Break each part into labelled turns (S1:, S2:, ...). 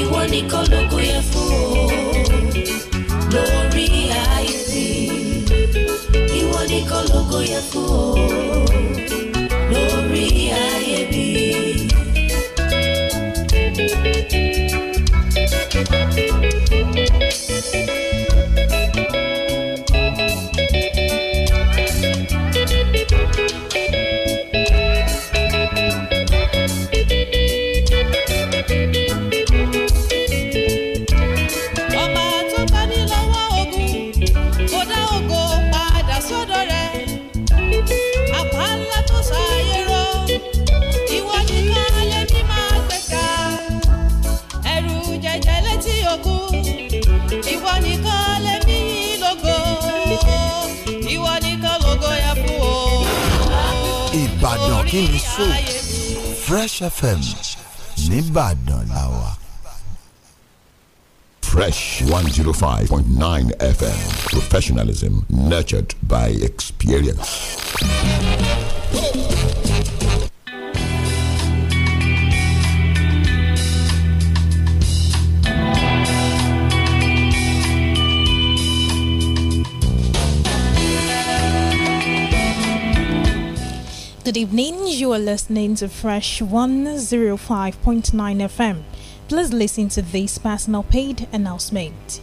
S1: ìwọ nìkan lógo yẹ fún o lórí àìsí ìwọ nìkan lógo yẹ fún o.
S2: so Fresh FM nìbàdàn la wà. Fresh 105.9 FM. Professionalism nurtured by experience.
S3: Good evening, you are listening to Fresh 105.9 FM. Please listen to this personal paid announcement.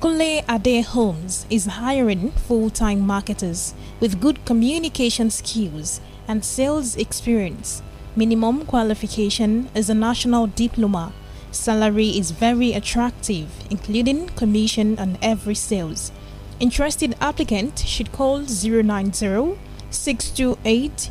S3: Kule Ade Holmes is hiring full time marketers with good communication skills and sales experience. Minimum qualification is a national diploma. Salary is very attractive, including commission on every sales. Interested applicant should call 090 628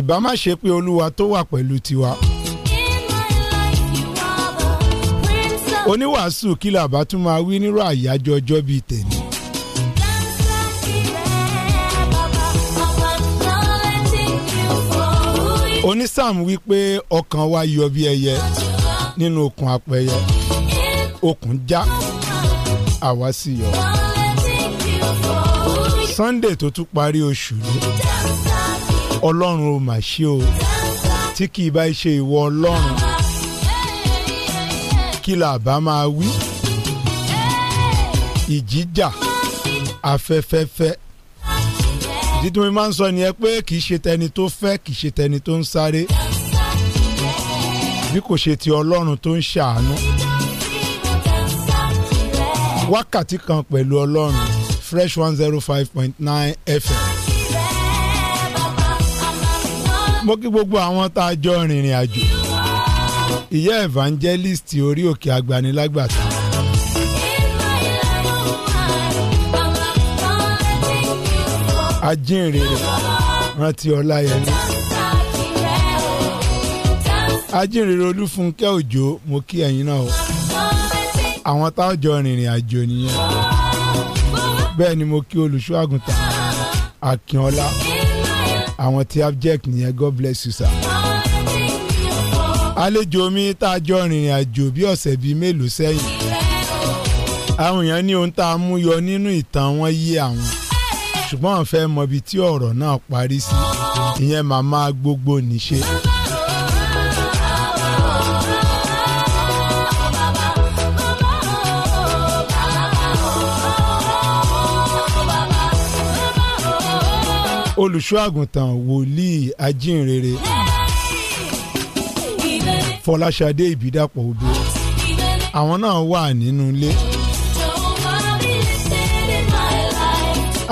S4: ìbá má ṣe pé olúwa tó wà pẹ̀lú tiwa. oníwàásù kìlà bá tún máa wí nírọ̀ àyájọ́ ọjọ́ bíi tèmi. onísáàmù wípé ọkàn wa yọ bí ẹyẹ nínú okùn apẹyẹ okùn já àwa sì yọ. Sunday tó tún parí oṣù ni ọlọ́run ò mà ṣe o tí kì í bá ṣe ìwọ ọlọ́run kí là bá máa wí ìjíjà afẹ́fẹ́fẹ́ dídùn mi máa ń sọ nìyẹn pé kì í ṣe tẹni tó fẹ́ kì í ṣe tẹni tó ń sáré bí kò ṣe ti ọlọ́run tó ń ṣàánú wákàtí kan pẹ̀lú ọlọ́run fresh one zero five point nine fm. mo kí gbogbo àwọn tá a jọ rìnrìn àjò ìyá evangelist orí òkè agbanilágbàtà. ajínrere rántí ọláyẹmí ajínrere olúfúnkẹ́ òjò mo kí ẹ̀yin náà o àwọn tá a jọ rìnrìn àjò nìyẹn bẹ́ẹ̀ ni mo kí olùṣọ́ àgùntàn akínọlá àwọn tí abject nìyẹn god bless you sir. àlejò mi tá a jọ rìnrìn àjò bí ọ̀sẹ̀ bíi mélòó sẹ́yìn àwọn èèyàn ní ohun tá a mú yọ nínú ìtàn wọn yé àwọn ṣùgbọ́n àwọn fẹ́ mọ ibi tí ọ̀rọ̀ náà parí sí ìyẹn màmá gbogbo nìṣe. olùṣọ́ àgùntàn wòlíì ajínrere fọláṣadé ìbídàpọ̀ òbí àwọn náà wà nínú ilé.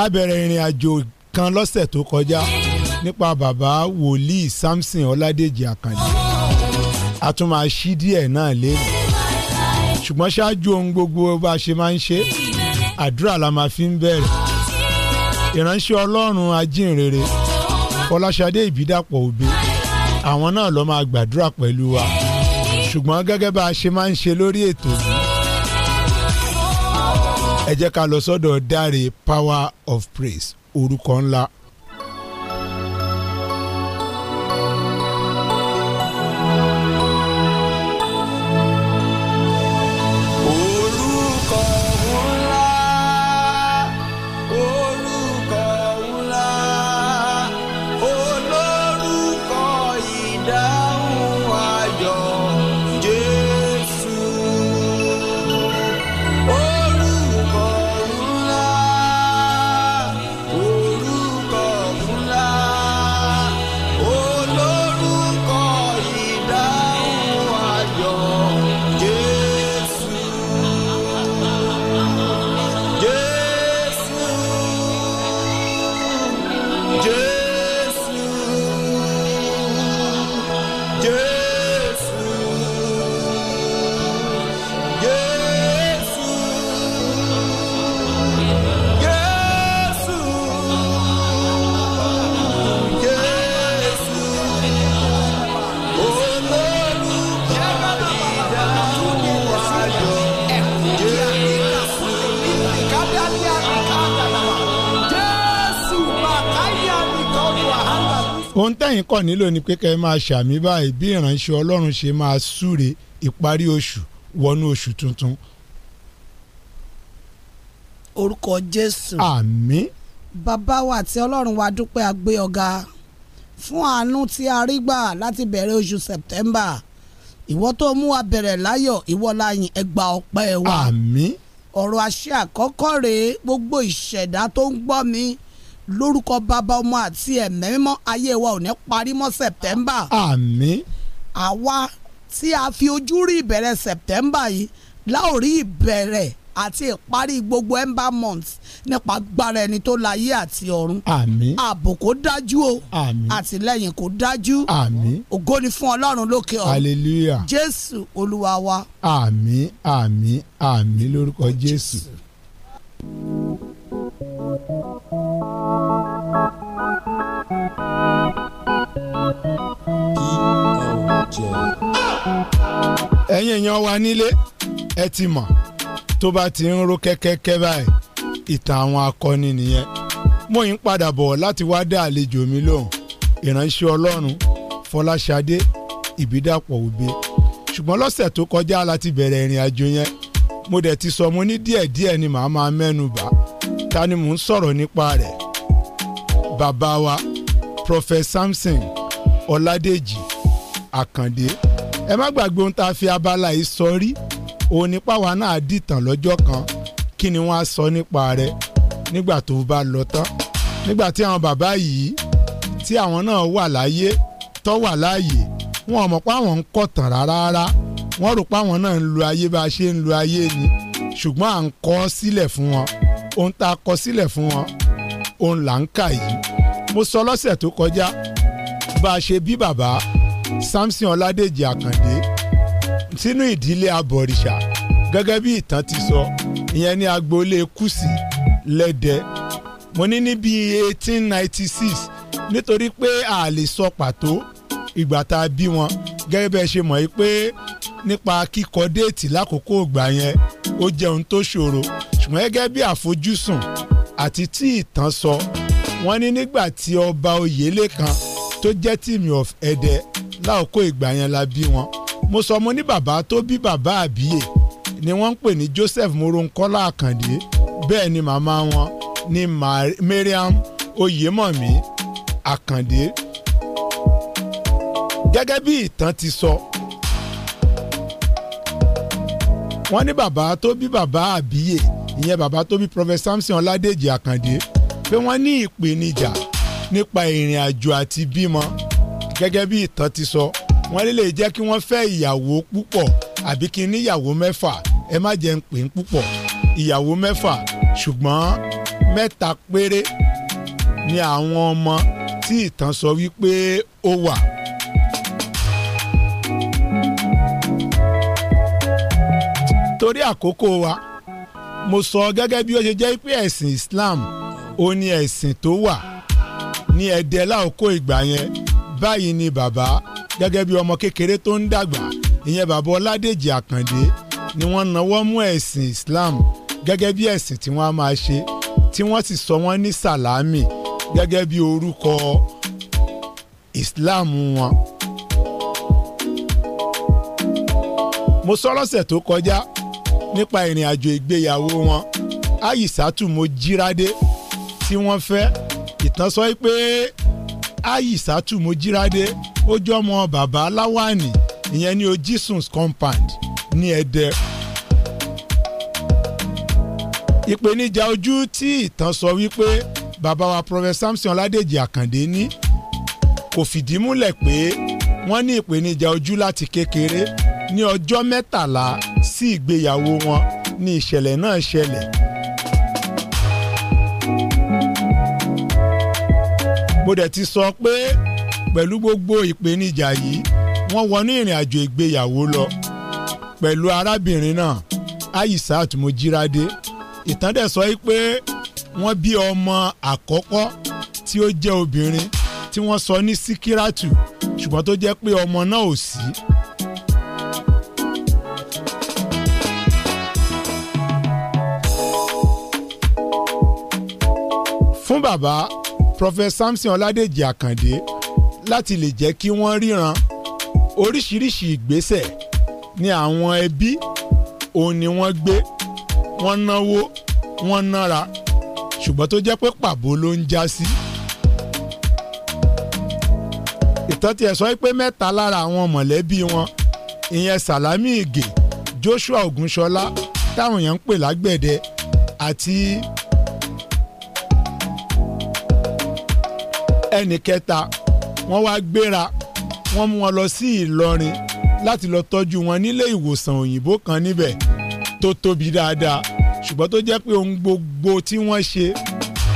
S4: a bẹ̀rẹ̀ ìrìn àjò kan lọ́sẹ̀ tó kọjá nípa bàbá wòlíì samson ọládèjì àkàndé a tún máa ṣí díẹ̀ náà lẹ́nu ṣùgbọ́n ṣáájú ohun gbogbo bá a ṣe máa ń ṣe àdúrà la máa fi ń bẹ̀rẹ̀ ìránṣẹ́ ọlọ́run ajínrere fọláṣadé ìbídàpọ̀ òbe àwọn náà ló máa gbàdúrà pẹ̀lú wa ṣùgbọ́n gẹ́gẹ́ bá a ṣe máa ń ṣe lórí ètò yìí ẹ jẹ́ ká lọ sọ́dọ̀ dáre power of praise orúkọ ńlá tẹ̀yin kọ́ nílò ni pé kẹ́ ẹ máa ṣàmì báyìí bí ìránṣẹ́ ọlọ́run ṣe máa súre ìparí oṣù wọnú oṣù tuntun. orúkọ jésù. àmín. bàbá wa
S3: àti ọlọ́run wa dúpẹ́ agbé ọ̀gá fún àánú tí a rí gbà láti bẹ̀rẹ̀ oṣù sẹ̀pẹ́mbà ìwọ tó mú wa bẹ̀rẹ̀ láyọ̀ ìwọ láyìn ẹgbà ọpẹ́ wa. àmín. ọ̀rọ̀ àṣẹ àkọ́kọ́ rèé gbogbo ìṣẹ̀dá tó ń gbọ́ mi lórúkọ bàbá ọmọ àti ẹ̀mẹ́ mímọ́ ayé wa ò ní parí mọ́ September. àmín. àwa tí a fi ojú rí ìbẹ̀rẹ̀ September yìí láòrí ìbẹ̀rẹ̀ àti ìparí gbogbo ember month nípa agbára ẹni tó láyé àti ọ̀run. àmín. ààbò kò dájú o. àmín. àtìlẹ́yìn kò dájú. àmín. ògo ni fún ọlọ́run lókè ọ̀run.
S4: hallelujah.
S3: jésù olúwa wa.
S4: àmín àmín àmín lórúkọ jésù. jésù ẹ̀yin èèyàn wa nílé ẹ ti mọ̀ tó bá ti ń ró kẹ́kẹ́kẹ́ báyìí ìtàn àwọn akọni nìyẹn mo yín padà bọ̀ láti wá dá àlejò mi lóhùn ìránṣẹ́ ọlọ́run fọláṣadé ìbídàpọ̀ òbe ṣùgbọ́n lọ́sẹ̀ tó kọjá la ti bẹ̀rẹ̀ ìrìn àjò yẹn mo dẹ̀ ti sọ mo ní díẹ̀díẹ̀ ni màá máa mẹ́nu bà ìjẹta ni mò ń sọ̀rọ̀ nípa rẹ̀ bàbá wa Prophet Samson Ọládèjì Àkàndé ẹ má gbàgbé ohun tá a fi abala yìí sọ rí òun nípa wa náà dìtàn lọ́jọ́ kan kí ni wọ́n á sọ nípa rẹ̀ nígbà tó bá lọ tán nígbà tí àwọn bàbá yìí tí àwọn náà wà láyé tó wà láàyè wọn ò mọ̀ pé àwọn ń kọ̀tàn rárá wọ́n rò pé àwọn náà ń lo ayé bá a ṣe ń lo ayé ni ṣùgbọ́n à ń kọ́ sílẹ̀ fún wọn ohun tá a kọ sílẹ̀ fún wọn òun là ń kà yìí mo sọ lọ́sẹ̀ tó kọjá bá a ṣe bí bàbá Samson Ọládèjì Àkàndé sínú ìdílé abọ̀rìṣà gẹ́gẹ́ bí ìtàn ti sọ ìyẹn ní agboolé Kùsì lẹ́dẹ̀ mo ní ní bíi eighteen ninety six nítorí pé a lè sọ pàtó ìgbà tá a bí wọn gẹ́gẹ́ bẹ́ẹ̀ ṣe mọ̀ yìí pé nípa kíkọ déètì lákòókò ìgbà yẹn ó jẹun tó ṣòro ṣùgbọ́n gẹ́gẹ́ bí àfojúsùn àti tí ìtàn sọ wọ́n ní nígbà tí ọba oyèlé kan tó jẹ́ tìmì of ẹ̀dẹ láòkó ìgbà yẹn la bí wọn mo sọ mo ní bàbá tó bí bàbá àbíyè ni wọ́n ń pè ní Joseph Moronkola Àkàndé bẹ́ẹ̀ ni màmá wọn ni Mariam Oyèmọ̀mí Àkàndé gẹ́gẹ́ bí ìtàn ti sọ wọ́n ní bàbá tó bí bàbá àbíyè ìyẹn bàbá tó bí Prophet Samson Ọládèjì Àkàndé pé wọ́n ní ìpèníjà nípa ìrìn àjò àti bímọ gẹ́gẹ́ bí ìtàn ti sọ wọ́n lè jẹ́ kí wọ́n fẹ́ ìyàwó púpọ̀ àbí kí níyàwó mẹ́fà ẹ má jẹ́ ń pè ń púpọ̀ ìyàwó mẹ́fà ṣùgbọ́n mẹ́ta péré ni àwọn ọmọ tí ìtàn sọ wípé ó wà. torí àkókò wa mo sọ gẹ́gẹ́ bí ó ṣe jẹ́ pé ẹ̀sìn Islam ó ní ẹ̀sìn tó wà ní ẹ̀dẹ́ láòkó ìgbà yẹn báyìí ni bàbá gẹ́gẹ́ bí ọmọ kékeré tó ń dàgbà ìyẹn bàbá Ọládèjì Àkàndé ni wọ́n nawọ́ mú ẹ̀sìn Islam gẹ́gẹ́ bí ẹ̀sìn tí wọ́n á máa ṣe tí wọ́n sì sọ wọ́n ní sàlámì gẹ́gẹ́ bí orúkọ Islam wọn. mo sọ lọ́sẹ̀ tó kọjá nípa ìrìn àjò ìgbéyàwó wọn Àyìsátù Mojírádé tí wọ́n fẹ́ ìtàn sọ pé Àyìsátù Mojírádé ó jọmọ bàbá Láwàní ìyẹn ní Ojísùn compound ní Ẹdẹ. ìpèníjà ojú tí ìtàn sọ wípé bàbá wa Prof. Samson Ládèjì Àkàndé ní kò fìdí múlẹ̀ pé wọ́n ní ìpèníjà ojú láti kékeré ní ọjọ́ mẹ́tàlá sí ìgbéyàwó wọn ni ìṣẹ̀lẹ̀ náà ṣẹlẹ̀. mo dẹ̀ ti sọ pé pẹ̀lú gbogbo ìpèníjà yìí wọ́n wọnú ìrìn àjò ìgbéyàwó lọ pẹ̀lú arábìnrin náà Aishat Mojírádé ìtàn dẹ̀ sọ pé wọ́n bí ọmọ àkọ́kọ́ tí ó jẹ́ obìnrin tí wọ́n sọ ní Síkírátù ṣùgbọ́n tó jẹ́ pé ọmọ náà ò sí. Si fún bàbá Prof. Samson Ọládèjì Àkàndé láti lè jẹ́ kí wọ́n ríran oríṣiríṣi ìgbésẹ̀ ni àwọn ẹbí òun ni wọ́n gbé wọ́n náwó wọ́n nára ṣùgbọ́n tó jẹ́ pé pàbó ló ń já sí. ìtàn tiẹ̀ sọ pé mẹ́ta lára àwọn mọ̀lẹ́bí wọn ìyẹn salami Ìgè Joshua Ògúnṣọlá táwọn èèyàn ń pè lágbẹ̀dẹ àti ẹnì kẹta wọ́n wá gbéra wọ́n mú wọn lọ sí Ìlọrin láti lọ tọ́jú wọn nílé ìwòsàn òyìnbó kan níbẹ̀ tó tóbi dáadáa ṣùgbọ́n tó jẹ́ pé ohun gbogbo tí wọ́n ṣe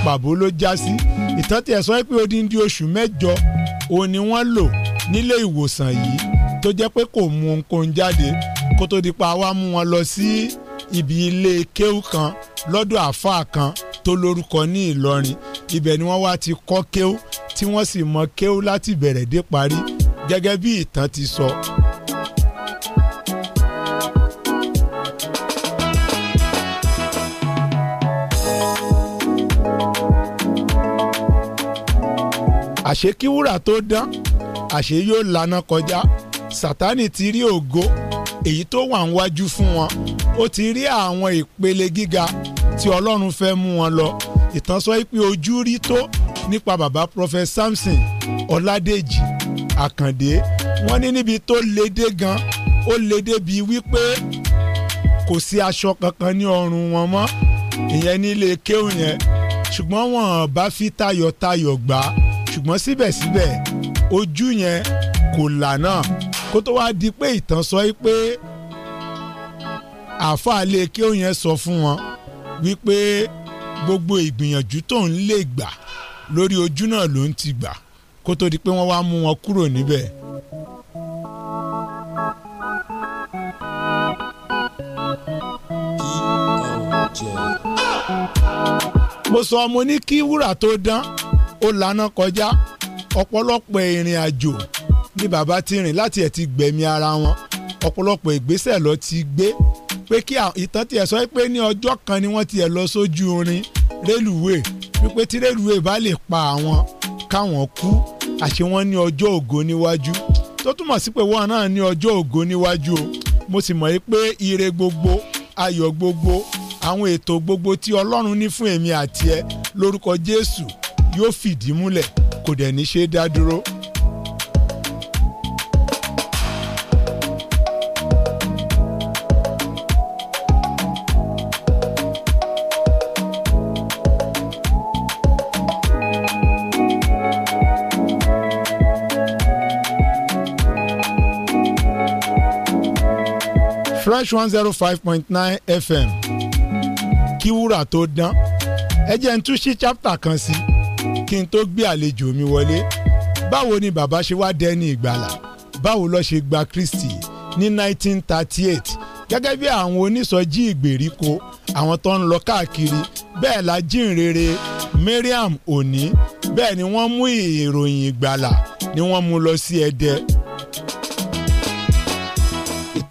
S4: pàbó ló já sí ìtàn tiẹ̀ sọ pé odindi oṣù mẹ́jọ òun ni wọ́n lò nílé ìwòsàn yìí tó jẹ́ pé kò mú ohunkóhun jáde kó tó di pa wá mú wọn lọ sí ibi ilé kéwù kan lọ́dọ̀ àáfàá kan tó lórúkọ ní Ìlọrin ibẹ̀ ni wọ́n wá ti kọ́ kéw tí wọ́n sì mọ kéw láti bẹ̀rẹ̀ dé parí gẹ́gẹ́ bí ìtàn ti sọ. àṣé kí wúrà tó dán àṣé yóò lànà kọjá sátánì ti rí ògo èyí tó wà níwájú fún wọn ó ti rí àwọn ìpele gíga tí ọlọ́run fẹ́ mú wọn lọ ìtàn sọ pé ojú rí tó nípa bàbá Prophet Samson Ọládèjì Àkàndé wọ́n ní níbi tó le dé gan ó le dé bi wípé kò sí aṣọ kankan ní ọrùn wọn mọ́ ìyẹn nílé kéwù yẹn ṣùgbọ́n wọn bá fi tayọ̀tayọ̀ gbà á ṣùgbọ́n síbẹ̀síbẹ̀ ojú yẹn kò là kó tó wá di pé ìtàn sọ pé àáfàá lè kéwù yẹn sọ fún wọn wípé gbogbo ìgbìyànjú tó ń lè gbà lórí ojú náà ló ń ti gbà kó tó di pé wọ́n wá mú wọn kúrò níbẹ̀. mo sọ ọmọ ní kí wúrà tó dán ó laná kọjá ọ̀pọ̀lọpọ̀ ìrìn àjò ni bàbá ti rìn láti ẹ̀ ti gbẹ̀mí ara wọn ọ̀pọ̀lọpọ̀ ìgbésẹ̀ ló ti gbé pé kí ìtàn tiẹ̀ sọ pé ní ọjọ́ kan ni wọ́n tiẹ̀ lọ sójú orin rélùwé wípé tí rélùwé bá lè pa àwọn káwọn kú àṣé wọ́n ní ọjọ́ ògo níwájú tó túmọ̀ sí pé wọ́n náà ní ọjọ́ ògo níwájú o mo sì mọ̀ pé ire gbogbo ayọ̀ gbogbo àwọn ètò gbogbo tí Ọlọ́run ní fún èmi àti ẹ lórúkọ Jésù yóò fìdí múlẹ̀ kò dẹ̀ ní ṣe dá fresh one zero five point nine fm kí wúrà tó dán ẹ jẹ́ n tún ṣí chapter kan sí kí n tó gbé àlejò mi wọlé báwo ni bàbá ṣe wá dẹni ìgbàlà báwo ló ṣe gba Kristi ní nineteen thirty eight gẹ́gẹ́ bí àwọn onísọjí ìgbèríko àwọn tó ń lọ káàkiri bẹ́ẹ̀ la jínrere Mariam Oni bẹ́ẹ̀ ni wọ́n mú ìròyìn ìgbàlà ni wọ́n mú lọ sí Ẹdẹ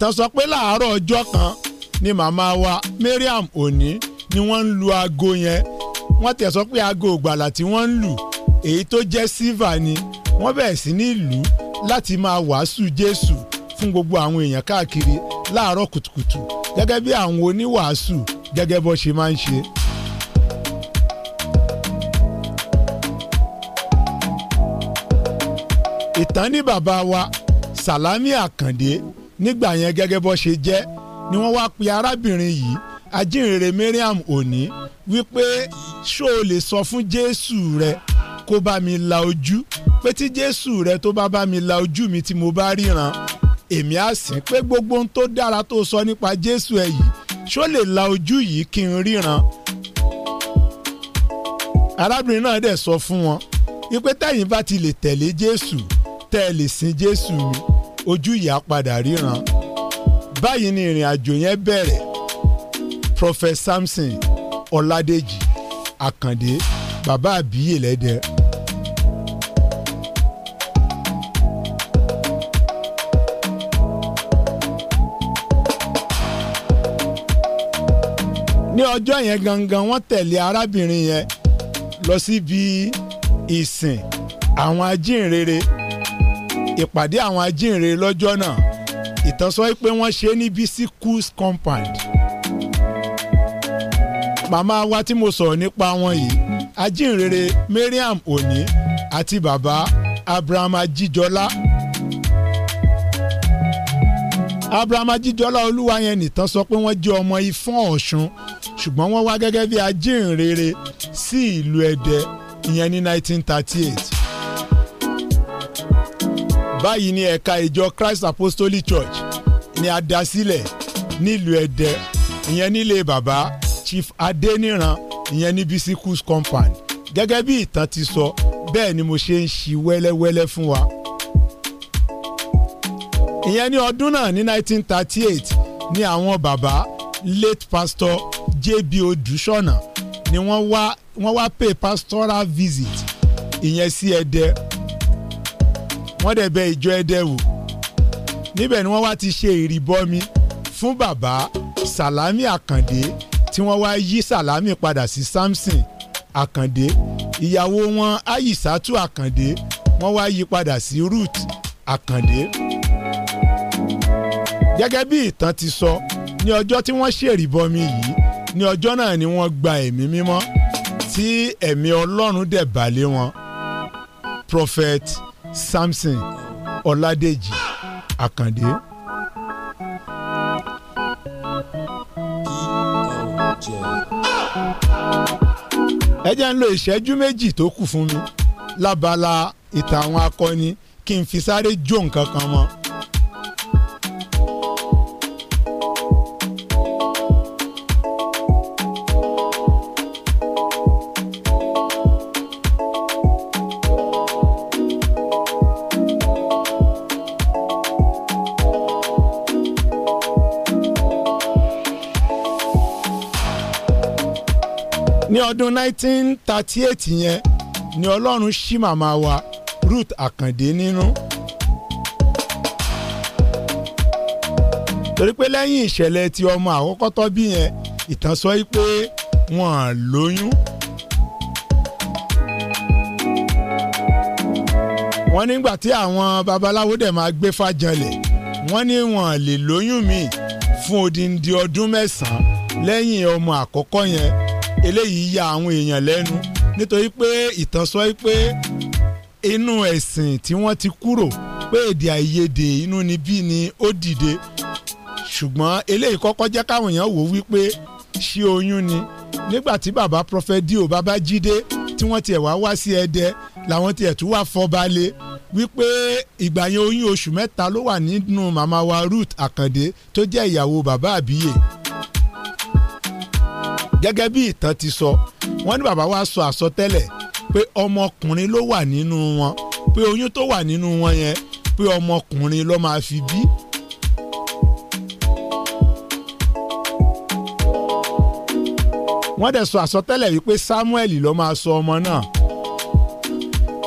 S4: ìtàn sọ pé láàárọ̀ ọjọ́ kan ni màmá wa Mariam Oni ni wọ́n ń lu aago yẹn wọ́n tẹ̀ sọ pé aago ògbàlà tí wọ́n ń lù èyí tó jẹ́ sílvà ni wọ́n bẹ̀rẹ̀ sí ní lù láti máa wàásù Jésù fún gbogbo àwọn èèyàn káàkiri láàárọ̀ kùtùkùtù gẹ́gẹ́ bí àwọn oníwàásù gẹ́gẹ́ bó ṣe máa ń ṣe. ìtàn ní bàbá wa Sàlámì Àkàndé nígbà yẹn gẹ́gẹ́ bó ṣe jẹ́ ni wọ́n wá pe arábìnrin yìí ajínrere Mariam Òní wípé ṣó o lè sọ fún Jésù rẹ kó bá mi la ojú pé tí Jésù rẹ tó bá bá mi la ojú mi tí mo bá ríran èmi á sìn pé gbogbo ohun tó dára tó sọ nípa Jésù ẹ yìí ṣó lè la ojú yìí kí n ríran arábìnrin náà dẹ̀ sọ fún wọn wípé tẹ̀yin bá ti lè tẹ̀lé Jésù tẹ́ ẹ lè sin Jésù mi ojú ìyá padà ríran báyìí ni ìrìn àjò yẹn bẹ̀rẹ̀ Prophet Samson Ọládèjì Àkàndé bàbá àbíyè lẹ́dẹ̀ẹ́. ní ọjọ́ yẹn gangan wọ́n tẹ̀lé arábìnrin yẹn lọ síbi ìsìn àwọn ajínrere. Si ìpàdé àwọn ajínrere lọ́jọ́ náà ìtàn sọ pé wọ́n ṣe é ní Bisi Kuz compound. màmá wa tí mo sọ̀rọ̀ nípa wọn yìí ajínrere Mariam Oni àti bàbá Abraham Ajíjọlá. Abraham Ajíjọlá olúwa yẹn nìtàn sọ pé wọ́n jẹ́ ọmọ Ifọ̀n Ọ̀ṣun ṣùgbọ́n wọ́n wá gẹ́gẹ́ bí ajínrere sí ìlú Ẹdẹ ìyẹn ní 1938 báyìí ni ẹ̀ka ìjọ Christ Apostolic Church ni a dá sílẹ̀ nílùú Ẹdẹ ìyẹn nílé bàbá Chief Adéníran ìyẹn ní Bisi Schools compound gẹ́gẹ́ bí ìtàn ti sọ bẹ́ẹ̀ ni mo ṣe ń ṣí wẹ́lẹ́wẹ́lẹ́ fún wa. ìyẹn ní ọdún náà ní 1938 ni àwọn bàbá late pastor J.B. Odùṣọ̀nà ni wọ́n wá wọ́n pastoral visit ìyẹn sí Ẹdẹ wọ́n dẹ̀ bẹ ìjọ ẹdẹ wò níbẹ̀ ni wọ́n wá ti ṣe ìrìbọmi fún bàbá Sàlámì Àkàndé tí wọ́n wá yí Sàlámì padà sí Samson Àkàndé ìyàwó wọn Ayisatu Àkàndé wọ́n wá yí padà sí Ruth Àkàndé. gẹ́gẹ́ bí ìtàn ti sọ ní ọjọ́ tí wọ́n ṣèrìbọmi yìí ní ọjọ́ náà ni wọ́n gba ẹ̀mí mímọ́ tí ẹ̀mí Ọlọ́run dẹ̀ bà wọn. Prophet Samson Ọládèjì Àkàndé. ẹ jẹ́ ń lo ìṣẹ́jú méjì tó kù fún mi lábala ìtàn àwọn akọni kí n fi sáré jó nǹkan kan mọ́. ọdún 1938 yẹn ni ọlọ́run ṣí màmá wa Ruth Àkàndé nínú. torí pé lẹ́yìn ìṣẹ̀lẹ̀ tí ọmọ àkọ́kọ́ tó bí yẹn ìtàn sọ pé wọ́n á lóyún. wọ́n nígbà tí àwọn babaláwo dẹ̀ máa gbé fàjọlẹ̀ wọ́n ní wọ́n lè lóyún mi fún odindi ọdún mẹ́sàn-án lẹ́yìn ọmọ àkọ́kọ́ yẹn eléyìí ya àwọn èèyàn lẹ́nu nítorí pé ìtàn sọ pé inú ẹ̀sìn tí wọ́n ti kúrò pé èdè àìyedè inú ni bí ni ó dìde ṣùgbọ́n eléyìí kọ́kọ́ jẹ́ káwọn èèyàn wò wípé ṣé oyún ni nígbà tí bàbá Prọfẹdíò Babájídé tí wọ́n tiẹ̀ wá wá sí Ẹdẹ làwọn tiẹ̀ tún wá fọbalẹ̀ wípé ìgbà yẹn oyún oṣù mẹ́ta ló wà nínú màmá wa Ruth Àkàndé tó jẹ́ ìyàwó bàbá àbíyè gẹ́gẹ́ bí ìtàn ti sọ wọ́n ní bàbá wa sọ àsọtẹ́lẹ̀ pé ọmọkùnrin ló wà nínú wọn pé oyún tó wà nínú wọn yẹn pé ọmọkùnrin ló máa fi bí. wọ́n dẹ̀ sọ àsọtẹ́lẹ̀ wípé Samuel ló máa sọ ọmọ náà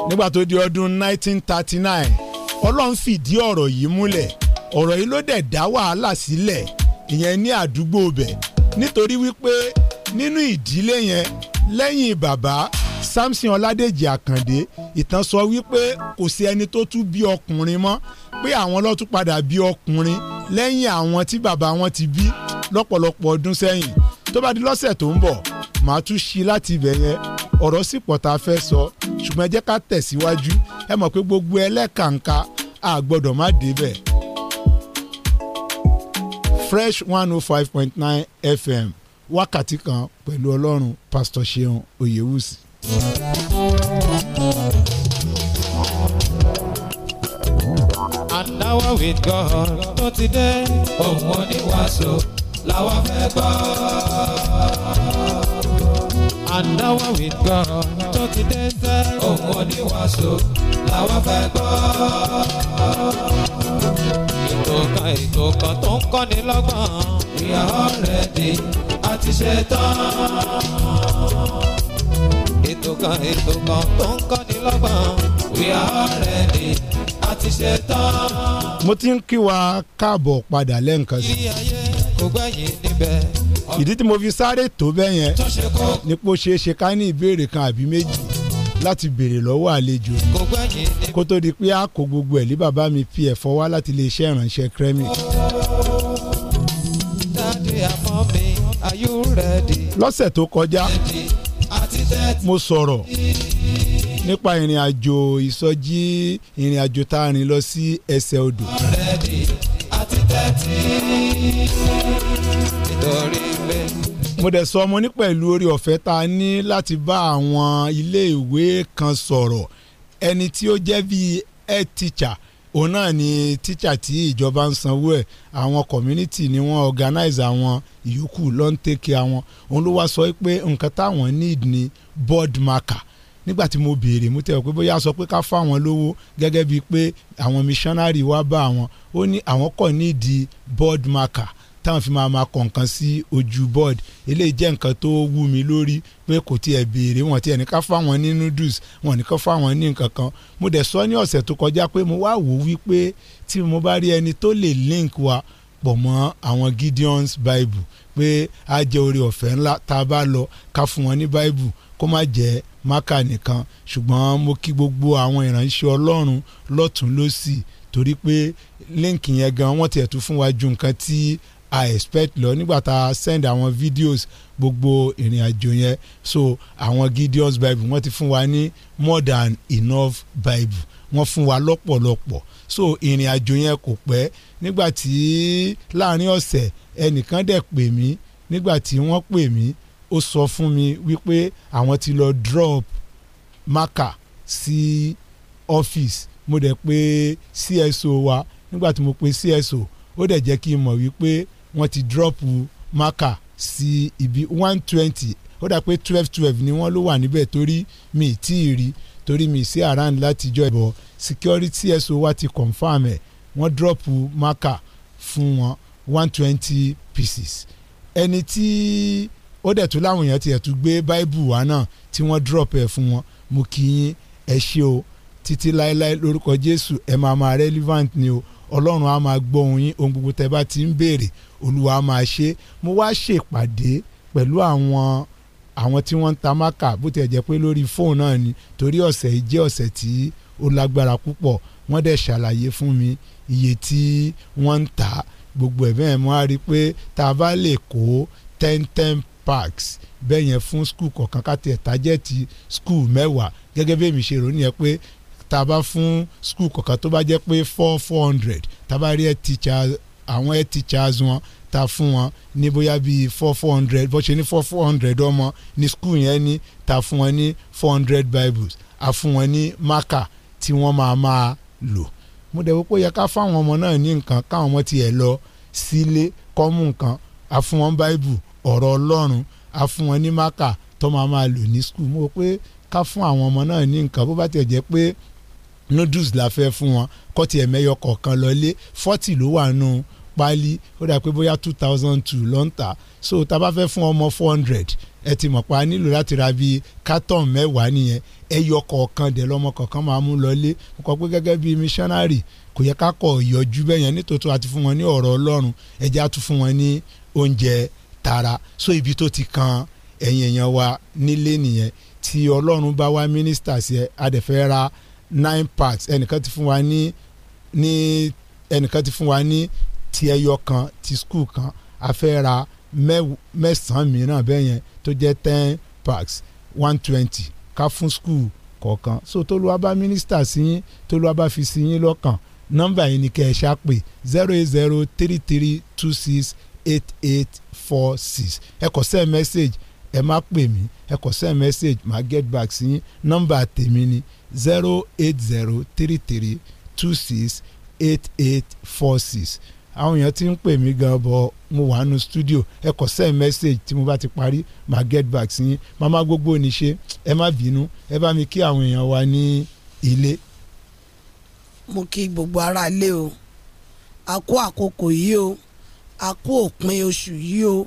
S4: nígbà tó di ọdún 1939 ọlọ́run fìdí ọ̀rọ̀ yìí múlẹ̀ ọ̀rọ̀ yìí ló dẹ̀ dá wàhálà sílẹ̀ ìyẹn ní àdúgbò bẹ̀ nítorí wípé nínú ìdílé yẹn lẹ́yìn bàbá Samson Ọládèjì Àkàndé ìtàn sọ wípé kò sí ẹni tó tún bí ọkùnrin mọ́ pé àwọn ló padà bí ọkùnrin lẹ́yìn àwọn tí bàbá wọn ti bí lọ́pọ̀lọpọ̀ ọdún sẹ́yìn tó bá di lọ́sẹ̀ tó ń bọ̀ màá tún ṣí láti ibẹ̀ yẹn ọ̀rọ̀ sì pọ̀ tá a fẹ́ sọ ṣùgbọ́n ẹ ká tẹ̀síwájú ẹ mọ̀ pé gbogbo ẹlẹ́kàǹkà a gbọ́dọ̀ má débẹ̀. Fresh one oh five point nine FM wákàtí kan pẹ̀lú ọlọ́run pásítọ̀ ṣeun oyewusi.
S5: an with God tó ti dé òun oníwàásù làwọn fẹ́ gbọ́. an with God tó ti dé sẹ́ òun oníwàásù làwọn fẹ́ gbọ́. ètò kan ètò kan tó ń kọ́ni lọ́gbọ̀n. we are already ti ṣe tán. ètò kan ètò kan tó ń kọ́ni lọ́gbọ̀n we are ready a ti ṣe tán.
S4: mo ti ń kí wa káàbọ̀ padà lẹ́ǹkan sí.
S5: ilé ayé kò gbẹ̀yìn níbẹ̀ ìdí tí mo fi
S4: sáré tó bẹ́ẹ̀ yẹn ni pé ó ṣeé ṣe ká ní ìbéèrè kan àbí méjì láti béèrè lọ́wọ́ àlejò kó tó di pé a kó gbogbo ẹ̀ lé bàbá mi pf wá láti iléeṣẹ́ ìrànṣẹ́ kremlin lọ́sẹ̀ tó kọjá mo sọ̀rọ̀ nípa ìrìn àjò ìsọjí ìrìn àjò tá a rìn lọ sí ẹsẹ̀ odò. mo dẹ̀ sọ ọmọ ní pẹ̀lú orí ọ̀fẹ́ tá a ní láti bá àwọn iléèwé kan sọ̀rọ̀ ẹni tí ó jẹ́ bíi head teacher òun náà ni tíṣà tí ìjọba ń sanwó ẹ̀ àwọn community ni wọ́n organize àwọn ìyókù ló ń take care àwọn òun ló wá sọ pé nǹkan táwọn need ni board marker nígbà tí mo béèrè mo tẹ̀wọ̀ pé bóyá sọ pé ká fáwọn lówó gẹ́gẹ́ bíi pé àwọn missionary wá bá àwọn ó ní àwọn kò nídìí board marker táwọn fi máa máa kọ̀ǹkan sí ojú bọ́ọ̀dì eléyìí jẹ́ nǹkan tó wú mi lórí pé kò tiẹ̀ béèrè wọn tiẹ̀ ní ká fáwọn ní noodles wọn ní ká fáwọn ní nǹkan kan mo dẹ̀ sọ ní ọ̀sẹ̀ tó kọjá pé mo wá wò wípé tí mo bá rí ẹni tó lè link wa pọ̀ mọ́ àwọn Gideon's Bible pé a jẹ́ orí ọ̀fẹ́ ńlá tá a bá lọ ká fún wọn ní Bible kó má jẹ́ máka nìkan ṣùgbọ́n mo kí gbogbo àwọn ìránṣẹ́ Ọlọ́run lọ́tún lọ́sì torí pé líǹkì yẹn gan wọ́n tiẹ̀ tún fún wa ju nǹkan tí i expect lọ nígbà tá a send àwọn videos gbogbo ìrìn àjò yẹn so àwọn Gideon's Bible wọ́n ti fún wa ní more than enough Bible wọ́n fún wa lọ́pọ̀lọpọ̀ so ìrìn àjò yẹn kò pẹ́ nígbà tí láàrin ọ̀sẹ̀ ẹnìkan dẹ̀ pè mí nígbà tí wọ́n pè mí ó sọ fún mi wípé àwọn ti lọ drop marker sí office, mo dẹ̀ pé CSO wa nígbà tí mo pe CSO ó dẹ̀ jẹ́ kí n mọ̀ wípé wọ́n ti dírọ́pù maka sí ibi one twenty ó dà pé twelve twelve ni wọ́n ló wà níbẹ̀ torí mi tí ì rí torí mi sí around látijọ́ ìbọ̀ security so wa ti confam ẹ̀ wọ́n dírọ́pù maka fún wọn one twenty pieces ẹni tí ó dẹ̀ tún láwọn èèyàn tiẹ̀ tún gbé báíbù wá náà tí wọ́n drop ẹ̀ fún wọn mo kì í yín ẹ ṣé o títí láéláé lórúkọ jésù ẹ máa máa relevant ni o ọlọ́run á máa gbọ́ ohùn yín ohun gbogbo tẹ́ bá ti ń béèrè olúwa á máa ṣe mo wá ṣèpàdé pẹ̀lú àwọn àwọn tí wọ́n ń ta máka bó tiẹ̀ jẹ́ pé lórí fóònù náà ni torí ọ̀sẹ̀ yìí jẹ́ ọ̀sẹ̀ tí ó lágbára púpọ̀ wọ́n dẹ̀ ṣàlàyé fún mi iye tí wọ́n ń ta gbogbo ẹ̀ bẹ́ẹ̀ mo á rí i pé tá bá lè kó ten ten packs bẹ́ẹ̀ yẹn fún skul kọ̀ọ̀kan ká tiẹ̀ tájẹ́ ti skul mẹ́wàá gẹ́gẹ́ bí èmi ṣe rò nìyẹn pé tá a bá fún skul kọ̀ọ̀kan tó bá jẹ́ pé four four hundred tá a bá rí ẹ teachers àwọn ẹ teachers wọn tá a fún wọn ní bóyá bíi four four hundred bó ṣe ní four four hundred ọmọ ní skul yẹn ní tá a fún wọn ní four hundred bibles a fún wọn ní marker tí wọ́n máa máa lò mo dẹ̀ wò pé ó yẹ ká fáwọn ọmọ náà ní nǹkan káwọn ọmọ tiẹ̀ lọ sílé kọ́mú nǹkan a fún wọn bible ọ̀rọ̀ ọlọ́run a fún wọn ní marker tó máa máa lò ní skul mo rò pé ká fún àwọn ọmọ náà ní nǹkan bó bá tiẹ̀ jẹ́ pé noodles la fẹ́ fún wọn kọ́tì ẹ̀mẹ́yọ kọ̀ọ̀kan lọ́lé forty ló wà nù pálí ó dà pé bóyá two thousand two ló ń tà so tá a bá fẹ́ fún ọmọ four hundred ẹ ti mọ̀ pa nílò láti ra bíi carton mẹ́wàá nìyẹn ẹyọ kọ̀ọ̀kan dẹ̀ lọ́mọ kọ̀ọ̀kan máa mú lọ́lé mo kọ pé gẹ́gẹ́ bíi missionary kò yẹ ká kọ̀ yọjú bẹ́ẹ̀ yẹn nítòótọ́ àti fún wọn ní ọ̀rọ̀ ọlọ́run ẹjẹ́ á fún wọn ní oúnjẹ tara so ibi tó ti kan ẹ̀yìn èèyàn wa nílé nìyẹn tí ọlọ́run bá wá mínísítà sí ẹ adẹ̀fẹ́ ra nine parts ẹnìkan ti fún wa ní ní ẹnìkan ti fún wa ní ti ẹyọ kan ti school kan a fẹ́ ra mẹ́sàn-án mìíràn bẹ́ẹ̀ yẹn tó jẹ́ ten packs one twenty ká fún school kọ̀ọ̀kan so tólúwa bá mínísítà sí yín tólúwa bá fi sí yín lọ́kàn nọ́mbà yìí ni kẹ́ ẹ ṣàpè zero eight zero three three two six eight eight four six ẹ kọ sẹ́ẹ̀ message ẹ má pè mí ẹ kọ sẹ́ẹ̀ message má get back sí yín nọ́mbà tèmi ni zero eight zero three three two six eight eight four six àwọn èèyàn ti ń pè mí gan bọ mo wà nù studio ẹ kọ send message tí mo bá ti parí màá get back sí yín màmá gbogbo oníṣe ẹ má bínú ẹ bá mi kí àwọn èèyàn wa ní ilé.
S3: mo kí gbogbo ara lé o a kó àkókò yìí o a kó òpin oṣù yìí o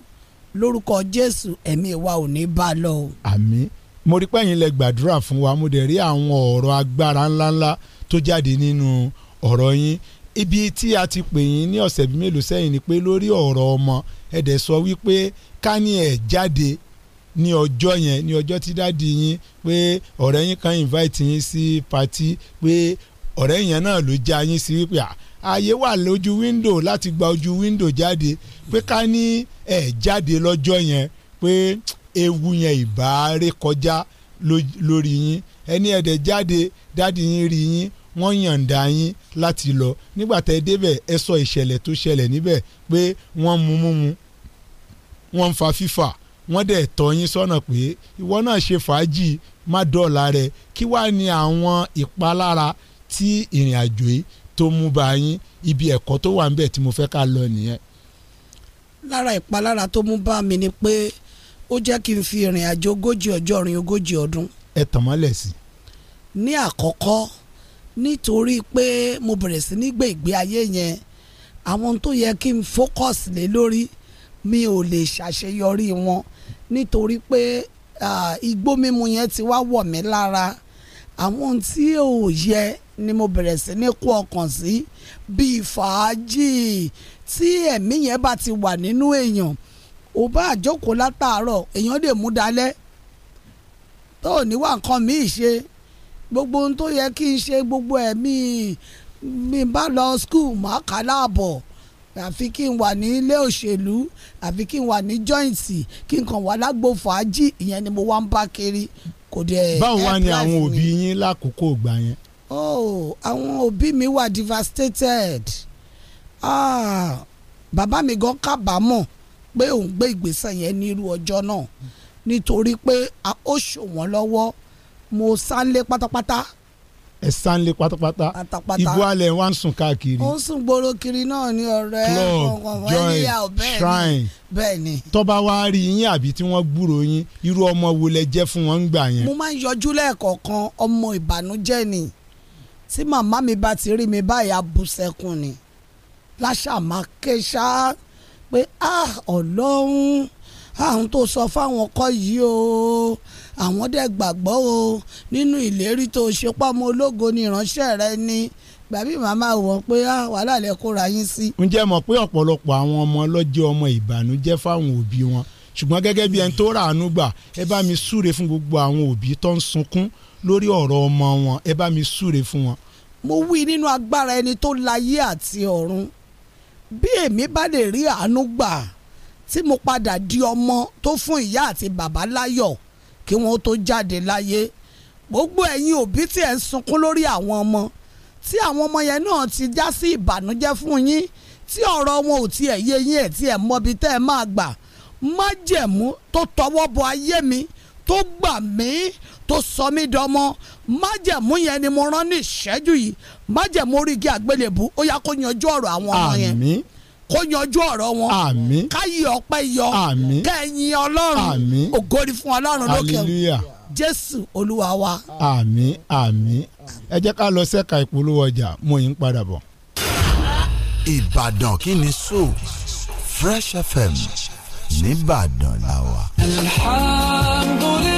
S3: lórúkọ jésù
S4: ẹ̀mí wa ò ní bá a lọ o. àmín mo rí pẹ́yìn lẹ gbàdúrà fún wa mo dẹ̀ rí àwọn ọ̀rọ̀ agbára ńláńlá tó jáde nínú ọ̀rọ̀ yín ibi tí a ti pè yín ní ọ̀sẹ̀ bíi mélòó sẹ́yìn ni pé lórí ọ̀rọ̀ ọmọ ẹ dẹ̀ sọ wípé ká ní ẹ̀ jáde ní ọjọ́ yẹn ní ọjọ́ tí dáàdi yín pé ọ̀rẹ́ yín kan invite yín sí party pé ọ̀rẹ́ yẹn náà ló já yín sí wípé ààyè wà lójú wíńdò láti gba ojú wíńdò jáde pé ká ní ẹ̀ jáde lọ́jọ́ yẹn pé ewu yẹn ìbáre kọjá lórí yín ẹni ẹ̀dẹ̀ jáde dáàdi yín rí yín wọ́n yàǹda yín láti lọ nígbà tẹ́ ẹ débẹ̀ ẹ sọ ìṣẹ̀lẹ̀ tó ṣẹlẹ̀ níbẹ̀ pé wọ́n mú mú mu wọ́n ń fa fífà wọ́n dẹ̀ tọ́ yín sọ́nà pé ìwọ náà ṣe fàájì má dọ̀la rẹ̀ kí wàá ní àwọn ìpalára tí ìrìn àjò yìí tó mú bá yín ibi ẹ̀kọ́ tó wà ń bẹ̀ tí mo fẹ́ ká lọ nìyẹn. lára ìpalára tó mú bá mi ni pé. Pe
S3: ó jẹ́ kí n fi ìrìn àjò ogójì ọjọ́ rin ogójì ọdún. ẹ tàn mọ́lẹ̀ sí. ní àkọ́kọ́ nítorí pé mo bẹ̀rẹ̀ sí ní gbé ìgbé ayé yẹn àwọn tó yẹ kí n fókọ̀sì lé lórí mi ò lè ṣàṣeyọrí wọn nítorí pé igbó mímu yẹn ti wá wọ̀ mí lára àwọn tí ò yẹ ni mo bẹ̀rẹ̀ sí ní kó ọkàn sí bíi fàájì tí ẹ̀mí yẹn bá ti wà nínú èèyàn ò bá àjókòó látàárọ̀ èèyàn lè mú dalẹ̀ tó ò ní wà nǹkan míì ṣe gbogbo ohun tó yẹ kí n ṣe gbogbo ẹ̀ mi mi bá lọ skul má kà láàbọ̀ àfi kí n wà ní ilé òṣèlú àfi kí n wà ní jọ́ìntì kí n kàn wà lágbo fàájì ìyẹn ni mo wá ń bá kiri kò dẹ̀ báwo wá ni àwọn
S4: òbí yín lákòókò gbà yẹn.
S3: oh àwọn òbí mi wà devastated ah, bàbá mi gan kábàámọ̀ pé òun gbé ìgbésẹ̀ yẹn ní ọjọ́ náà nítorí pé ó ṣòwọ́n lọ́wọ́ mo sálé pátápátá
S4: ẹ sáńlé pátápátá ìbú alẹ̀ wa ń sùn káàkiri. ó ń
S3: sùn gbòòrò kiri náà ní ọ̀rẹ́ club joy shrine bẹ́ẹ̀
S4: ni. tọ́ba wa rí yín àbí tí wọ́n gbúròó yín irú ọmọ wo lẹ jẹ́ fún wọn ń gbà yẹn. mo
S3: máa ń yọjú lẹ́ẹ̀kọ̀ọ̀kan ọmọ ìbànújẹ́ ni tí màmá mi bá ti rí mi báyìí abùsẹ̀kùn ni láṣà máa ké ṣáá pé ah ọlọ́run àwọn ah, tó sọ fáwọn kọ́ yìí o àwọn dẹ̀ gbàgbọ́ o nínú ìlérí tó ṣe pọ́mọ ológo ni ìránṣẹ́ rẹ ni gbàbí màmá wọ̀ pé ah, wàhálà lẹ kóra yín sí.
S4: ǹjẹ́ mọ̀ pé ọ̀pọ̀lọpọ̀ àwọn ọmọ ọlọ́jẹ́ ọmọ ìbànújẹ́ fáwọn òbí wọn ṣùgbọ́n gẹ́gẹ́ bí ẹni tó ràánú gbà ẹ bá mi súre fún gbogbo àwọn òbí tó ń sunkún lórí ọ̀rọ̀ ọmọ wọn ẹ bá mi súre fún wọn. mo wí nínú agbára ẹni tó láyé àti ọ̀run
S3: bí èmi bá lè rí àánú gbà tí mo padà di ọmọ tó fún ìyá àti bàbá láyọ̀ kí wọ́n tó jáde láyé gbogbo ẹ̀yin òbí tí ẹ̀ ń sunkún lórí àwọn ọmọ tí àwọn ọmọ yẹn náà ti já sí ìbànújẹ́ fún yín tí ọ̀rọ̀ wọn ò tiẹ̀ yé yín ẹ̀ tí ẹ̀ mọbi tẹ́ ẹ máa gbà májẹ̀mú tó tọwọ́ bọ ayé mi tó gbà mí tó sọ mí dọmọ májẹ̀mú yẹn ni mo rán ní ìṣẹ́jú yìí májẹ̀mú orígi àgbélébù ó yá kó yanjú ọ̀rọ̀ àwọn ọmọ yẹn. àmín kó yanjú ọ̀rọ̀ wọn àmín ká yí ọpẹ́ yọ àmín ká ẹyin ọlọ́run
S4: àmín ògo ni fún ọlọ́run lókè hallelujah jésù olúwa wa. àmín àmín ẹ jẹ́ ká lọ sẹ́ka ìpolówó ọjà mo yín padà bọ̀. ìbàdàn
S6: kí ni so fresh fm nìbàdàn làwà. alhamdulillah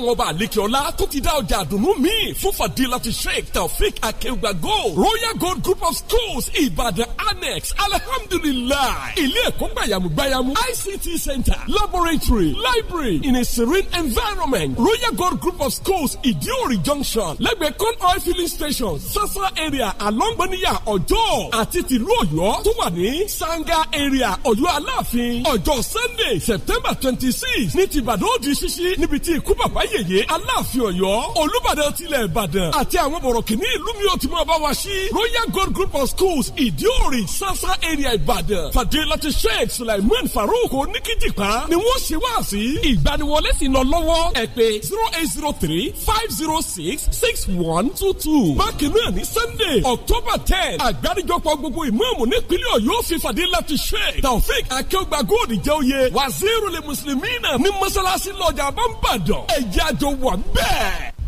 S6: ọlọ́run ọba àlekè tó ti dá ọjà àdùnnú míì fún fadilati sheikh taofik akeugba gold royal gold group of schools Ibadan annex alihamdulilayi ilé ẹ̀kọ́ gbàyàmùgbàyàmù ict center laboratory library in a serene environment royal gold group of schools ìdíòrì junction lẹ́gbẹ̀ẹ́ con oil filling station sasa area alongbaniya ọjọ́ àti tìlú ọ̀yọ́ tó wà ní sanga area ọ̀yọ́ aláàfin ọjọ́ sunday september twenty six ní tìbàdàn òdì ṣíṣí níbi tí ikú bàbá yèyé aláàfin ọ̀yọ́ olùbàdàn tilẹ̀ ìbàdàn àti àwọn bọ̀rọ̀kìnní ìlú mi ò ti máa bá wa sí royal gold group of schools ìdíòrè sasa area ìbàdàn fàdélàtì sheikh sulaiman farouk oníkìjìpá ni wọ́n ṣe wá sí ìgbaniwọlé sì lọ lọ́wọ́ ẹ pé zero eight zero three five zero six six one two two bákan náà ní sunday october ten àgbáríjọpọ̀ gbogbo ìmọ̀ọ́mù nípínlẹ̀ ọ̀yọ́ fi fàdélàtì sheikh taofik akẹ́wàgbà gold jẹ́ òye wazirul muslimina ní mọ́sálásí lọ́jà àbámbàdàn ẹ̀jẹ̀ àjọ wà bẹ́ẹ̀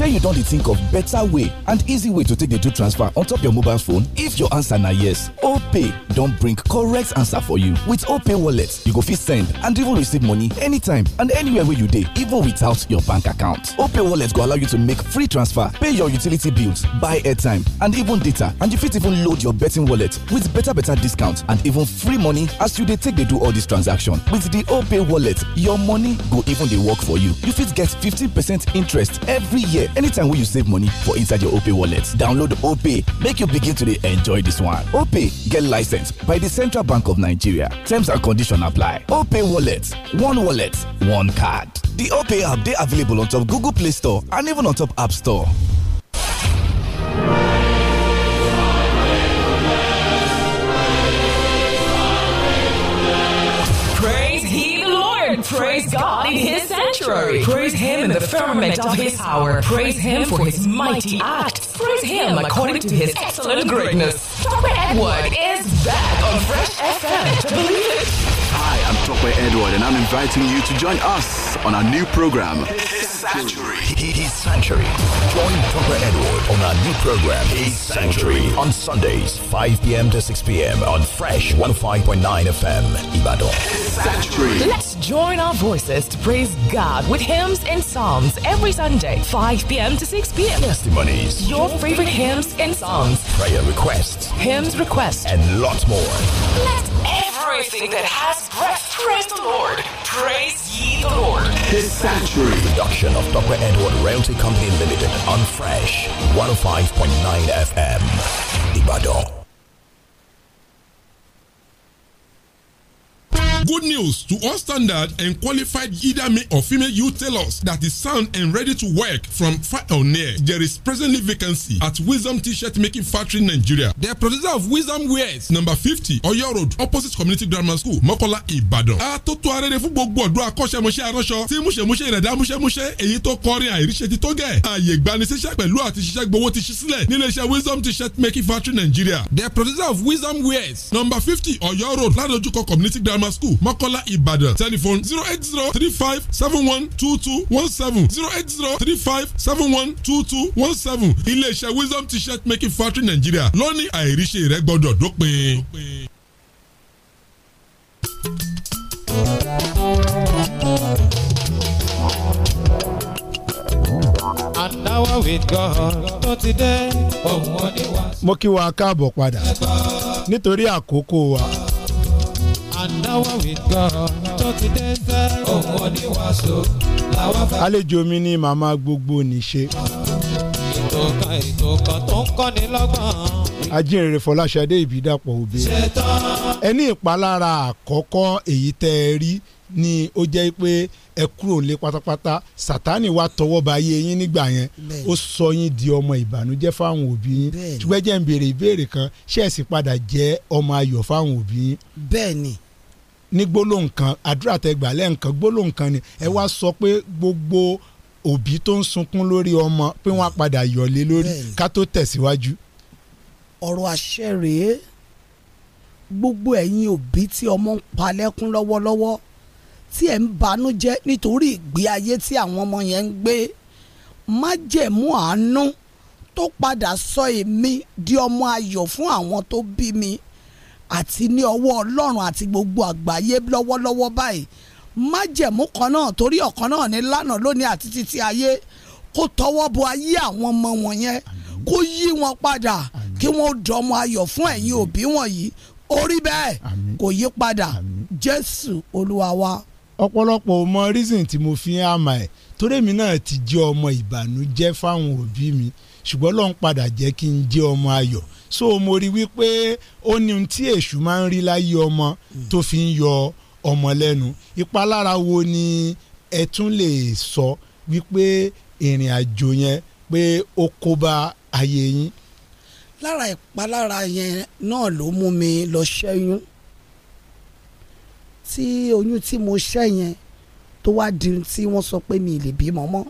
S6: shey you don dey
S2: think of better way and easy way to take dey do transfer on top your mobile phone? if your answer na yes, opay don bring correct answer for you with opay wallet you go fit send and even receive money anytime and anywhere wey you dey even without your bank account. opay
S6: wallet go allow you to make free
S2: transfer pay your utility bills buy airtime and even data and you fit even load your betting wallet with better better discount and even free money as you dey take dey do all dis transaction with the opay wallet your money go even dey work for you you fit get 15 percent interest every year anytime wey you save money for inside your opay wallet download opay make you begin to dey enjoy this one opay get license by the central bank of nigeria terms and conditions apply opay wallet one wallet one card The opay app dey available on top google play store and even on top app store
S1: Praise God in his sanctuary. Praise him in the firmament of his power. Praise him for his mighty act. Praise him according to his excellent greatness. Dr. Edward is back on Fresh FM.
S6: To believe it. Shop by Edward, and I'm inviting you to join us on our new program.
S1: His Sanctuary. His Sanctuary.
S6: Join
S2: Dr. Edward on our new program, His Sanctuary, on Sundays, 5 p.m. to 6 p.m. on Fresh 105.9 FM, Ibadan.
S1: Sanctuary. Let's join
S3: our
S2: voices to praise God with hymns and psalms every Sunday, 5 p.m. to 6 p.m.
S6: Testimonies.
S1: Your favorite hymns and songs.
S6: Prayer requests. Hymns requests. And lots more. Let
S1: everything that has breath Praise the Lord. Praise ye
S2: the Lord. His sanctuary. Production of Dr. Edward Realty Company Limited on
S6: Fresh 105.9 FM. Ibadan. good news to all standard and qualified either male or female youth tailors that is sound and ready to work from far or near. There is presently vacancy at Wisdom T-shirt making factory Nigeria. They are producer of Wisdom Wears number fifty Oyo Road opposite Community Grammar School Mọ́kọ́lá Ibadan. A tó tó arére fún gbogbo ọ̀dọ́ akọ́ṣẹ́mọṣẹ́ aránṣọ tí múṣemúṣe ìrẹ̀dá múṣemúṣe èyí tó kọrin àìríṣẹ́ ti tó gẹ̀. Àyè ìgbanisíṣẹ́ pẹ̀lú àti ṣiṣẹ́ gbowó ti ṣí sílẹ̀ nílé iṣẹ́ Wisdom T-shirt making factory Nigeria. They producer of Wisdom Wears number fifty Oyo Road ládojúkọ Community Grammar School Mọ́kọ́lá Ìbàdàn tẹlifon zero eight zero three five seven one two two one seven zero eight zero three five seven one two two one seven iléeṣẹ́ Wisdom t-shirt making factory Nigeria. lónìí àìríṣẹ́ rẹ gbọ́dọ̀ dópin.
S5: Adáwọ̀ with God tó ti dé òun ò ní wá.
S4: Mo kí wa káàbọ̀ padà nítorí àkókò wa
S5: and now we go tó ti dé sẹ́. òun oníwàásù
S4: làwọn fẹ́. àlejò mi ni màmá gbogbo nìṣe.
S5: ètò kan ètò kan tó ń kọ́ni lọ́gbọ̀n
S4: ajínrere fọláṣadé ìbídàpọ̀ òbí ẹni ìpalára àkọ́kọ́ èyí tẹ́ ẹ rí ni ó jẹ́ pé ẹ kúrò lé pátápátá sátani wa tọwọ́ ba ayé yín nígbà yẹn ó sọ yín di ọmọ ìbànújẹ́ fáwọn òbí yín ṣùgbọ́n jẹ́ ń béèrè ìbéèrè kan ṣé ẹ sì padà jẹ́ ọmọ ayọ̀ fáwọn òbí yín. bẹ́ẹ̀ni ní gbólóhùn kan àdúrà tẹ gbà gbólóhùn kan ni ẹ wá sọ pé gbogbo òbí tó ń sunkún lórí ọmọ pé wọ́n á padà yọ̀lé lórí ká tó tẹ̀síwájú. ọ̀rọ̀ àṣẹ rèé
S3: gbogbo ẹ̀yin òbí tí ọmọ ń palẹ́kún lọ́wọ́lọ́wọ́ tí ẹ̀ ń banújẹ́ nítorí ìgbé ayé tí àwọn ọmọ yẹn ń gbé májẹ̀mú àánú tó padà sọ èmi di ọmọ ayọ̀ fún àwọn tó bí mi àti ní ọwọ́ ọlọ́run àti gbogbo àgbáyé lọ́wọ́lọ́wọ́ báyìí májẹ̀mú kan náà torí ọ̀kan náà ní lánàá lónìí àti títí ayé kó tọwọ́ bọ ayé àwọn ọmọ wọn yẹn kó yí wọn padà kí wọn ó dọmọ ayọ̀ fún ẹ̀yin òbí wọ̀nyí
S4: orí bẹ́ẹ̀ kò yí padà jésù olúwa wa. ọ̀pọ̀lọpọ̀ mọ reason tí mo fi ń àmà ẹ̀ torí èmi náà ti jẹ́ ọmọ ìbànújẹ́ fáwọn òbí mi ṣùgbọ́n Ọlọ́run padà jẹ́ kí n jẹ́ ọmọ ayọ̀ so mo rí wípé ó ní ohun tí èṣù máa ń rí láyé ọmọ tó fi ń yọ ọmọ lẹ́nu ìpalára wo ni ẹ tún lè sọ wípé ìrìn àjò yẹn pé ó kó bá ayé yín. lára ìpalára yẹn náà ló mú mi
S3: lọ ṣẹ́yún tí oyún tí mo ṣẹ́ yẹn
S4: tó wá di tí wọ́n sọ pé mi ì lè bímọ mọ́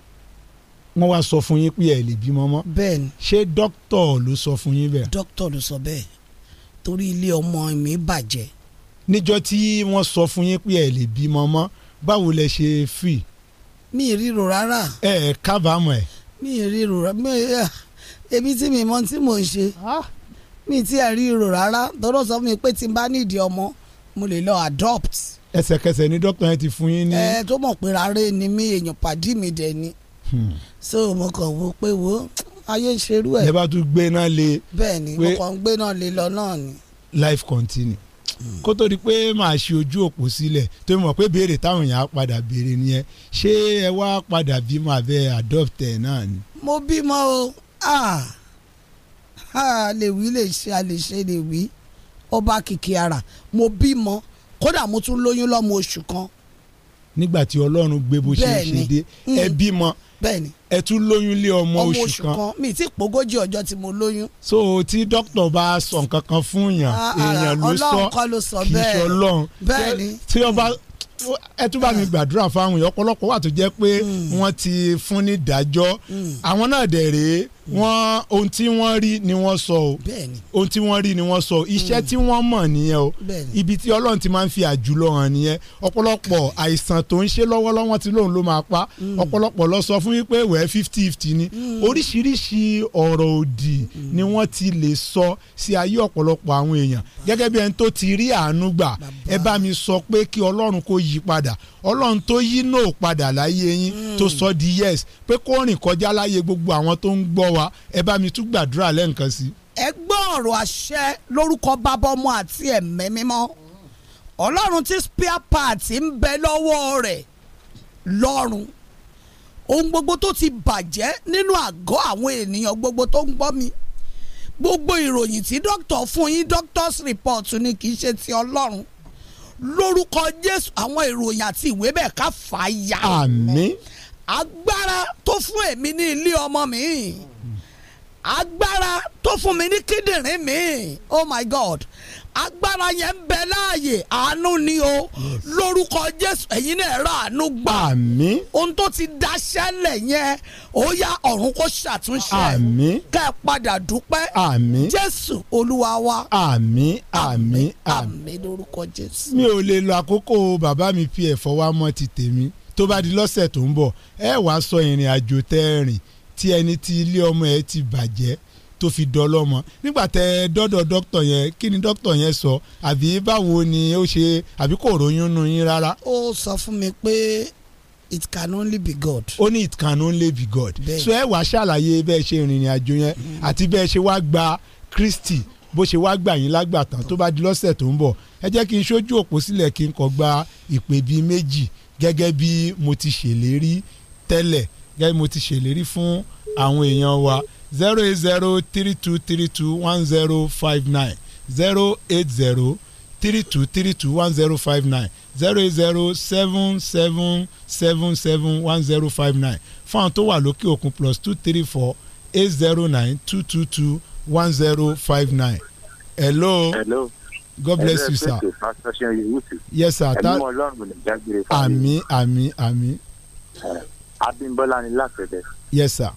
S4: wọ́n wá sọ fún yín pé ẹ lè bímọ mọ́. bẹ́ẹ̀ni ṣé dókítà ló sọ fún yín bẹ́ẹ̀. dókítà ló sọ bẹ́ẹ̀ torí ilé ọmọ mi bàjẹ́. níjọ́ tí wọ́n sọ fún yín pé ẹ lè bímọ mọ́ báwo lẹ ṣe fì. mi ì ríro rárá. ẹ ẹ kábàámọ̀ ẹ. mi ì ríro rárá
S3: èmi tí mi mọ tí mò ń ṣe ah. mi ti ẹ̀ ríro rárá tọ́lọ́ sọ fún mi pé tí n bá nídìí ọmọ mo lè lọ adopt
S4: ẹsẹ̀kẹsẹ̀ ni dókítà yẹn ti fún yín ní. ẹ
S3: tó mọ̀ pé rárẹ̀ ni mí èèyàn pàdé mi dẹ̀ ni Hmm. so mo kàn wo pé wo
S4: ayé ń ṣerú ẹ̀. ẹ bá tún gbé náà lé. bẹ́ẹ̀ni mo kàn ń gbé náà lé lọ náà ni. life continue hmm. kó tó di pé màá ṣe ojú òpó sílẹ̀ tó mọ̀ pé béèrè táwọn èèyàn á padà béèrè nìyẹn ṣé ẹ wá padà bímọ abẹ́ adopt ẹ̀ náà ni. mo bímọ
S3: o a lè wí lè ṣe a lè ṣe lè wí ọba kìkì ara mo bímọ kódà mo tún lóyún lọ́mọ oṣù kan. nígbà
S4: tí ọlọ́run gbé bó ṣe ṣe dé ẹ hmm. bímọ bẹ́ẹ̀ni ẹ tún lóyún lé ọmọ oṣù kan ọmọ oṣù kan mi ti pogójì ọjọ́ tí mo lóyún. so tí dókítà bá sọ nǹkan kan fún yàn ah, ah, èèyàn ló sọ kì í sọ Ọlọ́run bẹ́ẹ̀ni tí ọba ẹ tún bá mi ah. gbàdúrà fáwọn èèyàn wà tó jẹ́ pé hmm. wọ́n ti fún ní ìdájọ́ hmm. àwọn náà dẹ̀ wọ́n ohun tí wọ́n rí ni wọ́n sọ o ohun tí wọ́n rí ni wọ́n sọ iṣẹ́ mm. tí wọ́n mọ̀ nìyẹn o ibi tí ọlọ́run ti máa ń fi àjùlọ hàn nìyẹn ọ̀pọ̀lọpọ̀ mm. àìsàn tó ń ṣe lọ́wọ́lọ́wọ́ tí lòun ló máa pa mm. ọ̀pọ̀lọpọ̀ lọ sọ fún wípé wẹ́ẹ́ fifty fifty ni oríṣiríṣi ọ̀rọ̀ òdì ni wọ́n ti lè sọ sí ayé ọ̀pọ̀lọpọ̀ àwọn èèyàn gẹ́gẹ́ bí ẹni tó ti rí àánú gbà ẹ bá mi sọ pé kí ọlọ́run kó yí padà ọlọ́run tó yí náà padà láyé yín tó sọ di yes pé kó rìn kọjá láyé gbogbo àwọn tó ń gbọ́ wa wa ẹ bá mi tún gbàdúrà lẹ́ǹkan sí. ẹ gbọ́ ọ̀rọ̀ àṣẹ lórúkọ bàbá ọmọ
S3: àti ẹ̀mẹ́ mímọ́ ọlọ́run tí spare part ń bẹ lọ́wọ́ rẹ̀ lọ́run ohun gbogbo tó ti bàjẹ́ nínú àgọ́ àwọn ènìyàn gbogbo tó ń gbọ́ mi gbogbo ìròyìn tí dókítà fún yín doctor's report ni kì í ṣe ti ọlọ́run lórúkọ jésù àwọn ìròyìn àti ìwé bẹ́ẹ̀ ká fà á ya. àmín. agbára tó fún èmi ní ilé ọmọ mi agbára tó fún mi ní kíndìnrín mi oh my god agbára yẹn ń bẹ láàyè àánú ni o lórúkọ jésù ẹ̀yin náà rà àánú gbà àmín ohun tó ti daṣẹ́lẹ̀ yẹn ó yá ọ̀run kó ṣàtúnṣe
S4: àmín ká ẹ padà dúpẹ́ àmín jésù olúwa wa àmín àmín àmín
S3: lórúkọ jésù. mi ò
S4: lè lo àkókò bàbá mi fi ẹ̀fọ́ wa mọ́ ti tèmi tó bá di lọ́sẹ̀ tó ń bọ̀ ẹ wàá sọ ìrìn àjò tẹ́ ẹ tí ẹni tí ilé ọmọ ẹ ti bàjẹ́ tó fi dọlọ́mọ nígbà tẹ dọ́dọ̀ dókítà yẹn kí ni dókítà yẹn sọ àbí báwo ni ó ṣe àbí kò ròyìn nu yín rárá. ó sọ fún mi pé it can only be God. ó ní it can only be God. bẹ́ẹ̀ so ẹ wàá ṣàlàyé bẹ́ẹ̀ ṣe ìrìnrìn àjò yẹn mm. àti bẹ́ẹ̀ ṣe wá gba Kristi bó ṣe wá gbà yín lágbàtàn tó bá di lọ́sẹ̀ tó ń bọ̀ ẹ jẹ́ kí n ṣojú òpó sílẹ̀ kí n kọ́ gba ìpè bíi méjì gẹ́gẹ́ bí mo ti ṣèlérí tẹ́lẹ̀ gẹ́gẹ́ mo ti ṣèlérí fún àwọn èèyàn wa zero eight zero three two three two one zero five nine zero eight zero three two three two one zero five nine zero eight zero seven seven seven seven one zero five nine fáwọn tó wà lókè òkun plus two three four eight zero nine two two two one zero five nine. hello. hello. God bless you sir. yes sir. ẹ̀mí ọlọ́run ní dágbére fún mi. àmín àmín àmín. Abímbọ́lá ni láfẹ̀dẹ̀. yes sir.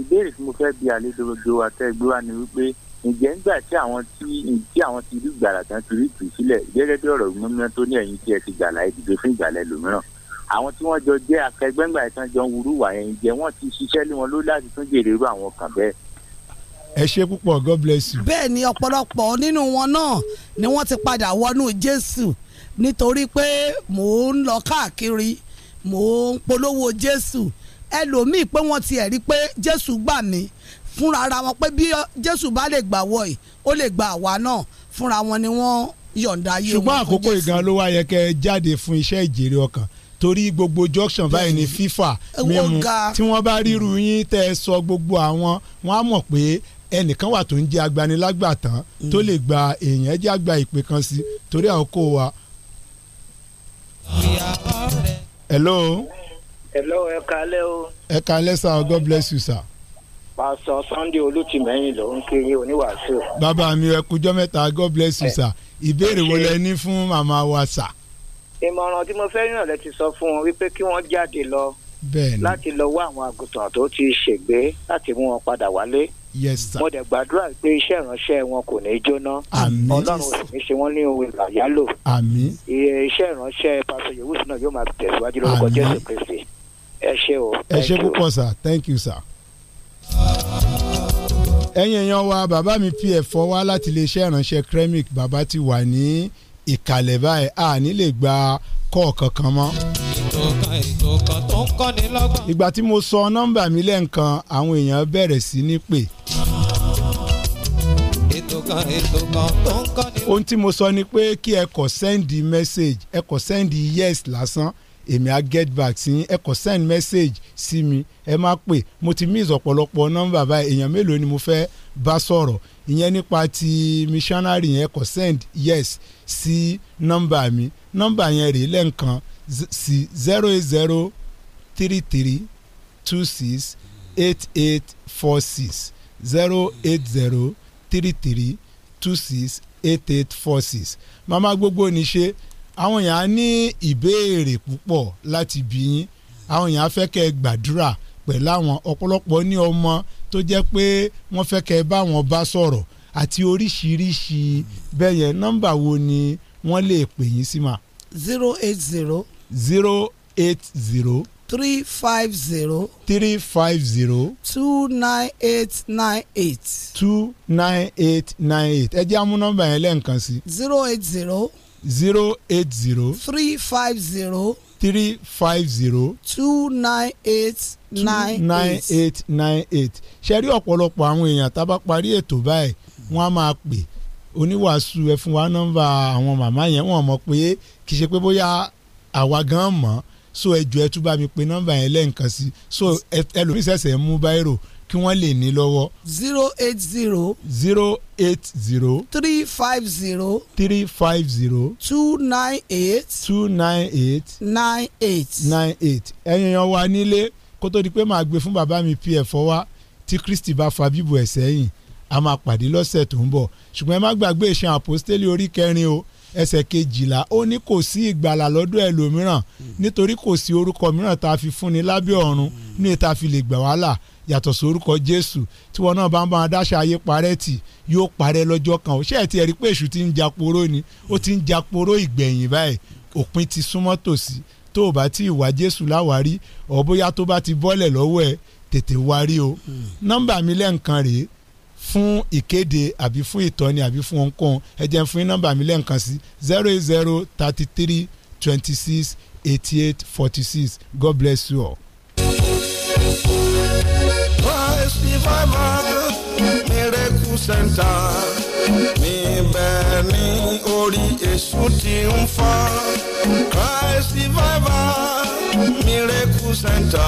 S4: ìbéèrè tí mo fẹ́ bi àlejò gbogbo ni wípé ǹjẹ́ ńgbà tí àwọn tí tí àwọn ti rí gbàrà tán ti rí tù sílẹ̀ gẹ́gẹ́ bí ọ̀rọ̀ gómìnà tó ní ẹ̀yìn tí ẹ ti gbàlà ìdìbò fún ìgbàlẹ̀ lòmíràn àwọn tí wọ́n jọ jẹ́ akẹgbẹ́ngbà ìtàn jọ ń wúrú wà yẹn ǹjẹ́ wọ́n ti ṣiṣẹ́ lé wọn lórí láti tún jèrè irú àwọn kan bẹ́ẹ̀.
S3: ẹ ṣe púpọ̀ God bless you. bẹ́ẹ̀ ni ọ̀pọ̀lọpọ̀ nínú wọn náà ni wọ́n ti padà wọnú Jésù nítorí pé mò ń lọ káàkiri mò ń polówó jésù ẹlòmíì pé wọ́n ti ẹ̀rí pé jésù gbà mí fúnra ara wọn pé bí jésù bá lè gbà wọ̀ yìí ó lè gbà àwa náà fúnra
S4: wọn ni wọ́n yọ̀ǹda ayé wọn. ṣùgbọ́n àkókò ìgan ló wá kẹ́ ẹ jáde fún iṣẹ́ ìjèrè ọkàn torí gbogbo junction báyìí ni fífà mímu tí wọ́n bá ríru yín tẹ́ ẹ sọ gbogbo àwọn wọn á mọ̀ pé ẹnìkan wà tó ń jẹ́ agbanilágbàtàn mm. tó lè gba èèyàn ẹ jẹ́ àgbà ìpè kan sí torí àkókò wa. ìyá ọ̀rẹ́ hello. hello ẹ kalẹ́ o. ẹ kalẹ́ sir god bless you sir.
S5: pásọ sunday olùtìmẹ́yìn ló ń kiri oníwàásù.
S4: bàbá mi ẹ kújọ́ mẹ́ta god bless you sir. ìbéèrè wo lẹ ní fún màmá wa sà.
S5: ìmọ̀ràn tí mo fẹ́ yàn lẹ ti sọ
S3: fún wọn wípé kí wọ́n jáde lọ. láti lọ wá àwọn àgùntàn tó ti ṣègbé láti mú wọn padà wálé mo dẹ̀ gbàdúrà pé iṣẹ́ ìránṣẹ́ wọn kò ní jóná
S1: ọlọ́run
S3: ò ní ṣe wọ́n ní òwe àyálò iṣẹ́ ìránṣẹ́ pásítọ̀ yòówùsì náà yóò máa
S1: tẹ̀síwájú lórúkọ jésù kristi ẹ ṣé o.
S4: ẹ ṣé púpọ̀ sir thank you sir. ẹ̀yin èèyàn wa bàbá mi pf ẹ̀fọ́ wá láti iléeṣẹ́ ìránṣẹ́ kremik bàbá ti wà ní ìkàlẹ̀ báyìí a lè gba kọ́ọ̀ kankan mọ́
S5: ètò kan tó ń kọ́ni
S4: lọ́gbọ́n. ìgbà tí mo sọ nọ́mbà mi lẹ́ǹkan àwọn èèyàn bẹ̀rẹ̀ sí ní pè.
S5: ètò kan ètò kan tó ń kọ́ni.
S4: ohun tí mo sọ ni pé kí ẹ sẹ́ndì mẹ́sẹ̀gì ẹ sẹ́ndì yes lásán èmi á get back sí yín send message sí mi ẹ má pè mo ti miss ọ̀pọ̀lọpọ̀ nọ́mbà báyìí èèyàn mélòó ni mo fẹ́ bá sọ̀rọ̀ ìyẹn nípa ti missionary yẹn kọ send yes sí nọ́mbà mi nọ́mbà yẹn rèé lẹ́ǹkan sí zero eight zero three three two six eight eight four six zero eight zero three three two six eight eight four six Mama gbogbo níṣe àwọn èèyàn á ní ìbéèrè púpọ̀ láti bí yín àwọn èèyàn á fẹ́ kẹ́ ẹ gbàdúrà pẹ̀lú àwọn ọ̀pọ̀lọpọ̀ ní ọmọ tó jẹ́ pé wọ́n fẹ́ kẹ́ ẹ bá wọn bá sọ̀rọ̀ àti oríṣiríṣi bẹ́ẹ̀ yẹn nọ́mbà wo ni wọ́n lè pè yín sí ma. zero eight zero zero eight zero three five zero. three five zero. two nine eight nine eight. two nine eight nine eight. ẹ jẹ́ àmú nọ́mbà yẹn lẹ́ǹkan sí. zero eight zero. zero eight zero. three five zero. three five zero. two nine eight nine eight. two nine eight nine eight. ṣe rí ọ̀pọ̀lọpọ̀ àwọn èèyàn tá a bá parí ètò báyìí wọ́n á máa pè oníwàásù ẹ fún wa nọ́mbà àwọn màmá yẹn wọ́n mọ̀ pé kì í ṣe pé bóyá àwa gan mọ̀ so ẹjọ́ ẹ tún bá mi pe nọ́mbà yẹn lẹ́ǹkan sí so ẹlòmíín ṣẹ̀ṣẹ̀ mú báírò kí wọ́n lè ní lọ́wọ́. zero eight zero. zero eight zero. three five zero. three five zero. two nine eight. two nine eight. nine eight. nine eight. ẹ̀yin yan wa nílé kó tó di pé màá gbé fún bàbá mi pf wa tí kristi bá fa bíbù ẹ̀ sẹ́yìn a máa pàdé lọ́sẹ̀ tó ń bọ̀ ṣùgbọ́n ẹ má gbàgbé ìṣàn àpòstélì orí kẹrin o ẹsẹ̀ kejìlá ó ní kò sí ìgbàlà lọ́dọ̀ ẹlòmíràn nítorí kò sí orúkọ mìíràn tá a fi fúnni lábẹ́ ọ̀run ní ìta fi lè gbà wá là yàtọ̀ sí orúkọ Jésù tí wọn náà bá ń bá wọn dáṣà ayé parẹ́ tì yóò parẹ́ lọ́jọ́ kan ó ṣe é ti ẹ̀rí pé èṣù ti ń jàporó ni ó ti ń jàporó ìgbẹ̀yìn báyìí òpin ti súnmọ́ tòsí tó o bá ti ìwà Jésù láwárí ọ̀ bóyá tó bá ti bọ́lẹ̀ lọ́wọ́ ẹ̀ tètè wárí o hmm. nọ́mbà mi lẹ́ǹkan rèé 0244 fún ìkéde àbí fún ìtọ́ni àbí fún ohunkóhun ẹ jẹ́ fún nọ́mbà mi lẹ́ǹkan sí zero eight zero thirty three twenty six eighty eight forty six God bless you all.
S2: níbẹ̀ ni orí èṣù ti ń fọ́ Christ revival miracle center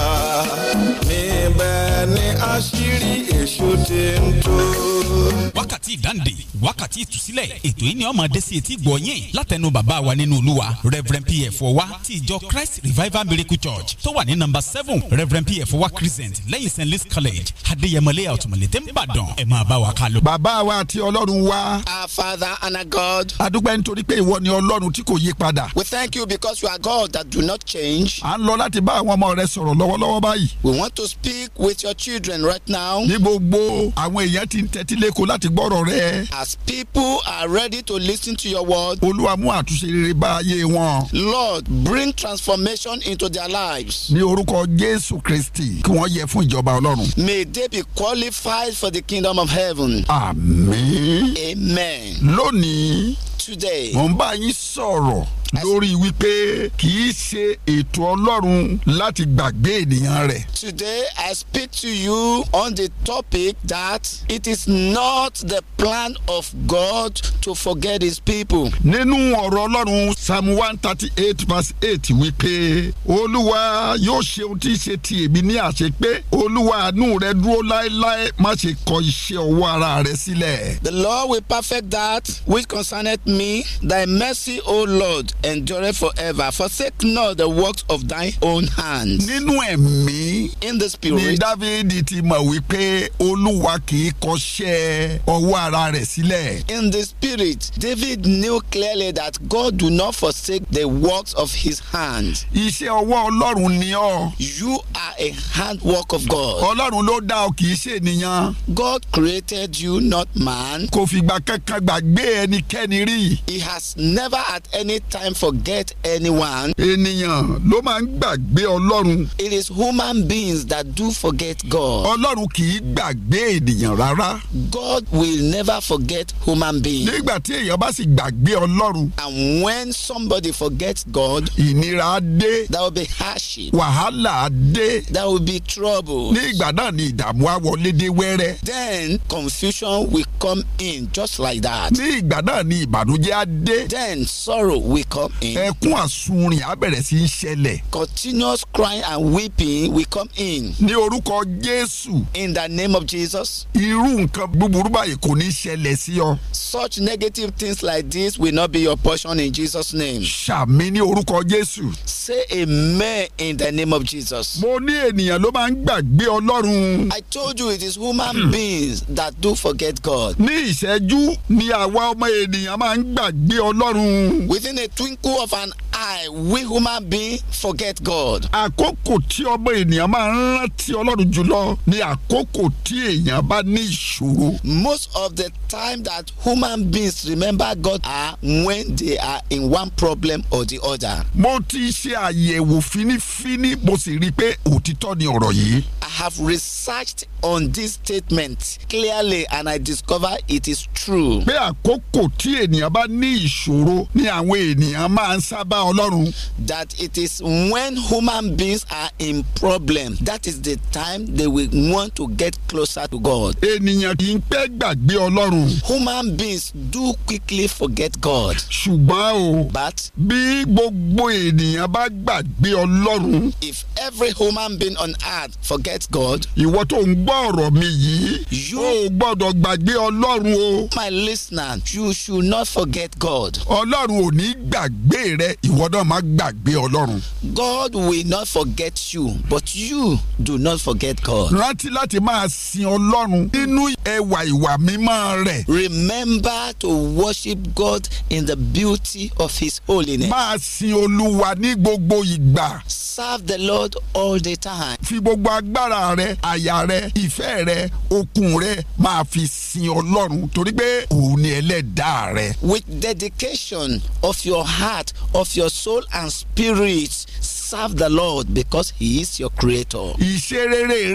S2: níbẹ̀ ni àṣírí èṣù ti ń tó. wákàtí ìdáǹdè wákàtí ìtúsílẹ̀ ètò yìí ni ó máa etí gbọ̀nyìn látẹnu bàbá wa nínú olúwa reverend pf wa ti ìjọ christ revival miracle church tó wà ní number seven reverend pf wa crescent lẹ́yìn st louis college adéyẹmọlẹ́yà ọ̀túnmọ̀lẹ́ tẹ́ ń bàdàn ẹ̀ e máa bá wa ká lọ. bàbá wa àti ọlọ́run wa. our father and our god. a dúpẹ́ nítorí pé ìwọ ni ọlọ́run tí kò yí padà. we thank you because you are God that do not change. à ń lọ láti bá àwọn ọmọ rẹ sọ̀rọ̀ lọ́wọ́lọ́wọ́ báyìí. we want to speak with your children right now. ní gbogbo àwọn èèyàn ti ń tẹ́tí lẹ́kọ̀ọ́ láti gbọ́rọ̀ rẹ. as people are ready to listen to your word. olúwa mú àtúnṣe rere bá ayé wọn. lord bring transformation into their lives. ní orúkọ jésù kristi kí wọ́n yẹ fún ìjọba ọlọ́run. may they be qualified for the kingdom of heaven. àmín. amen. lónìí. today. mo ń bá yín sọ̀rọ̀ lórí wípé kì í ṣe ètò Ọlọ́run láti gbàgbé ènìyàn rẹ̀. Today I speak to you on the topic that it is not the plan of God to forget his people. Nínú ọ̀rọ̀ Ọlọ́run Psalm one thirty eight verse eight wípé Olúwa yóò ṣe ohun tí ṣe ti èmi ní àṣẹ pé Olúwa àánú rẹ dúró láéláé má ṣe kọ iṣẹ́ ọwọ́ ara rẹ sílẹ̀. The Lord will perfect that which concerneth me, thy mercy, O Lord. Endure forever. Forsake not the works of thy own hands. Nínú ẹ̀mí. In the spirit. Ni Dávidi ti mọ̀ wípé Olúwa kì í kọṣẹ́ ọwọ́ ara rẹ̀ sílẹ̀. In the spirit, David knew clearly that God do not forsake the works of his hands. Iṣẹ́ ọwọ́ Ọlọ́run ni ọ́. You are a handwork of God. Ọlọ́run ló dá ọ kì í ṣe ènìyàn. God created you not man. Kò fìgbà kankan gbàgbé ẹnikẹ́ni rí. He has never at any time can forget anyone. ènìyàn ló máa ń gbàgbé ọlọ́run. it is human beings that do forget God. ọlọ́run kì í gbàgbé ènìyàn rárá. God will never forget human beings. nígbà tí èèyàn bá sì gbàgbé ọlọ́run. and when somebody forgets God. ìnira á dé. that will be hardship. wàhálà á dé. that will be trouble. ní náà ni ìdààmú á wọlé dé wẹ́rẹ́. then confusion will come in just like that. ní ìgbà náà ni ìbànújẹ́ á dé. then sorrow will come. Mm. ẹkún àsunrin á sí í ṣẹlẹ̀. continuous crying and weeping will come in. ní orúkọ Jésù. in the name of Jesus. irú nǹkan búburú báyìí kò ní ṣẹlẹ̀ sí ọ. such negative things like this will not be your portion in Jesus' name. ṣàmì ní orúkọ Jésù. say amen in the name of Jesus. mo ní ènìyàn ló máa ń gbàgbé Ọlọ́run. I told you it is human beings that do forget God. ní ìṣẹ́jú ni àwa ọmọ ènìyàn máa ń gbàgbé Ọlọ́run. within a two twinkle of an eye we human being forget God. àkókò tí ọmọ ènìyàn máa ń rántí ọlọ́run jùlọ ni àkókò tí èèyàn bá ní ìṣòro. most of the time that human beings remember God are when they are in one problem or the other. mo ti ṣe àyẹ̀wò fínífíní mo sì rí i pé òtítọ́ ni ọ̀rọ̀ yìí. I have researched on this statement clearly and I discover it is true. pé àkókò tí ènìyàn bá ní ìṣòro ni àwọn ènìyàn ènìyàn máa ń sábà ọlọ́run. that it is when human beings are in problem that is the time they will want to get closer to God. ènìyàn kì í pẹ́ gbàgbé ọlọ́run. human beings do quickly forget God. ṣùgbọ́n o but bí gbogbo ènìyàn bá gbàgbé ọlọ́run. if every human being on earth forgets God. ìwọ tó ń gbọ́ ọ̀rọ̀ mi yìí. you o gbọ́dọ̀ gbàgbé ọlọ́run o. my listener you should not forget God. ọlọ́run ò ní gbà gbàgbé rẹ ìwọ náà gbàgbé ọlọ́run. God will not forget you but you do not forget God. rántí láti máa sin ọlọ́run nínú ẹwà ìwà mímọ́ rẹ̀. Remember to worship God in the beauty of his holiness. máa sin olúwa ní gbogbo ìgbà. Serve the Lord all the time. fi gbogbo agbára rẹ àyà rẹ ìfẹ́ rẹ okun rẹ máa fi sin ọlọ́run torí pé òun ni ẹlẹ́dàá rẹ. With dedication of your heart, of your soul and spirit serve the Lord because he is your creator. Iṣẹ́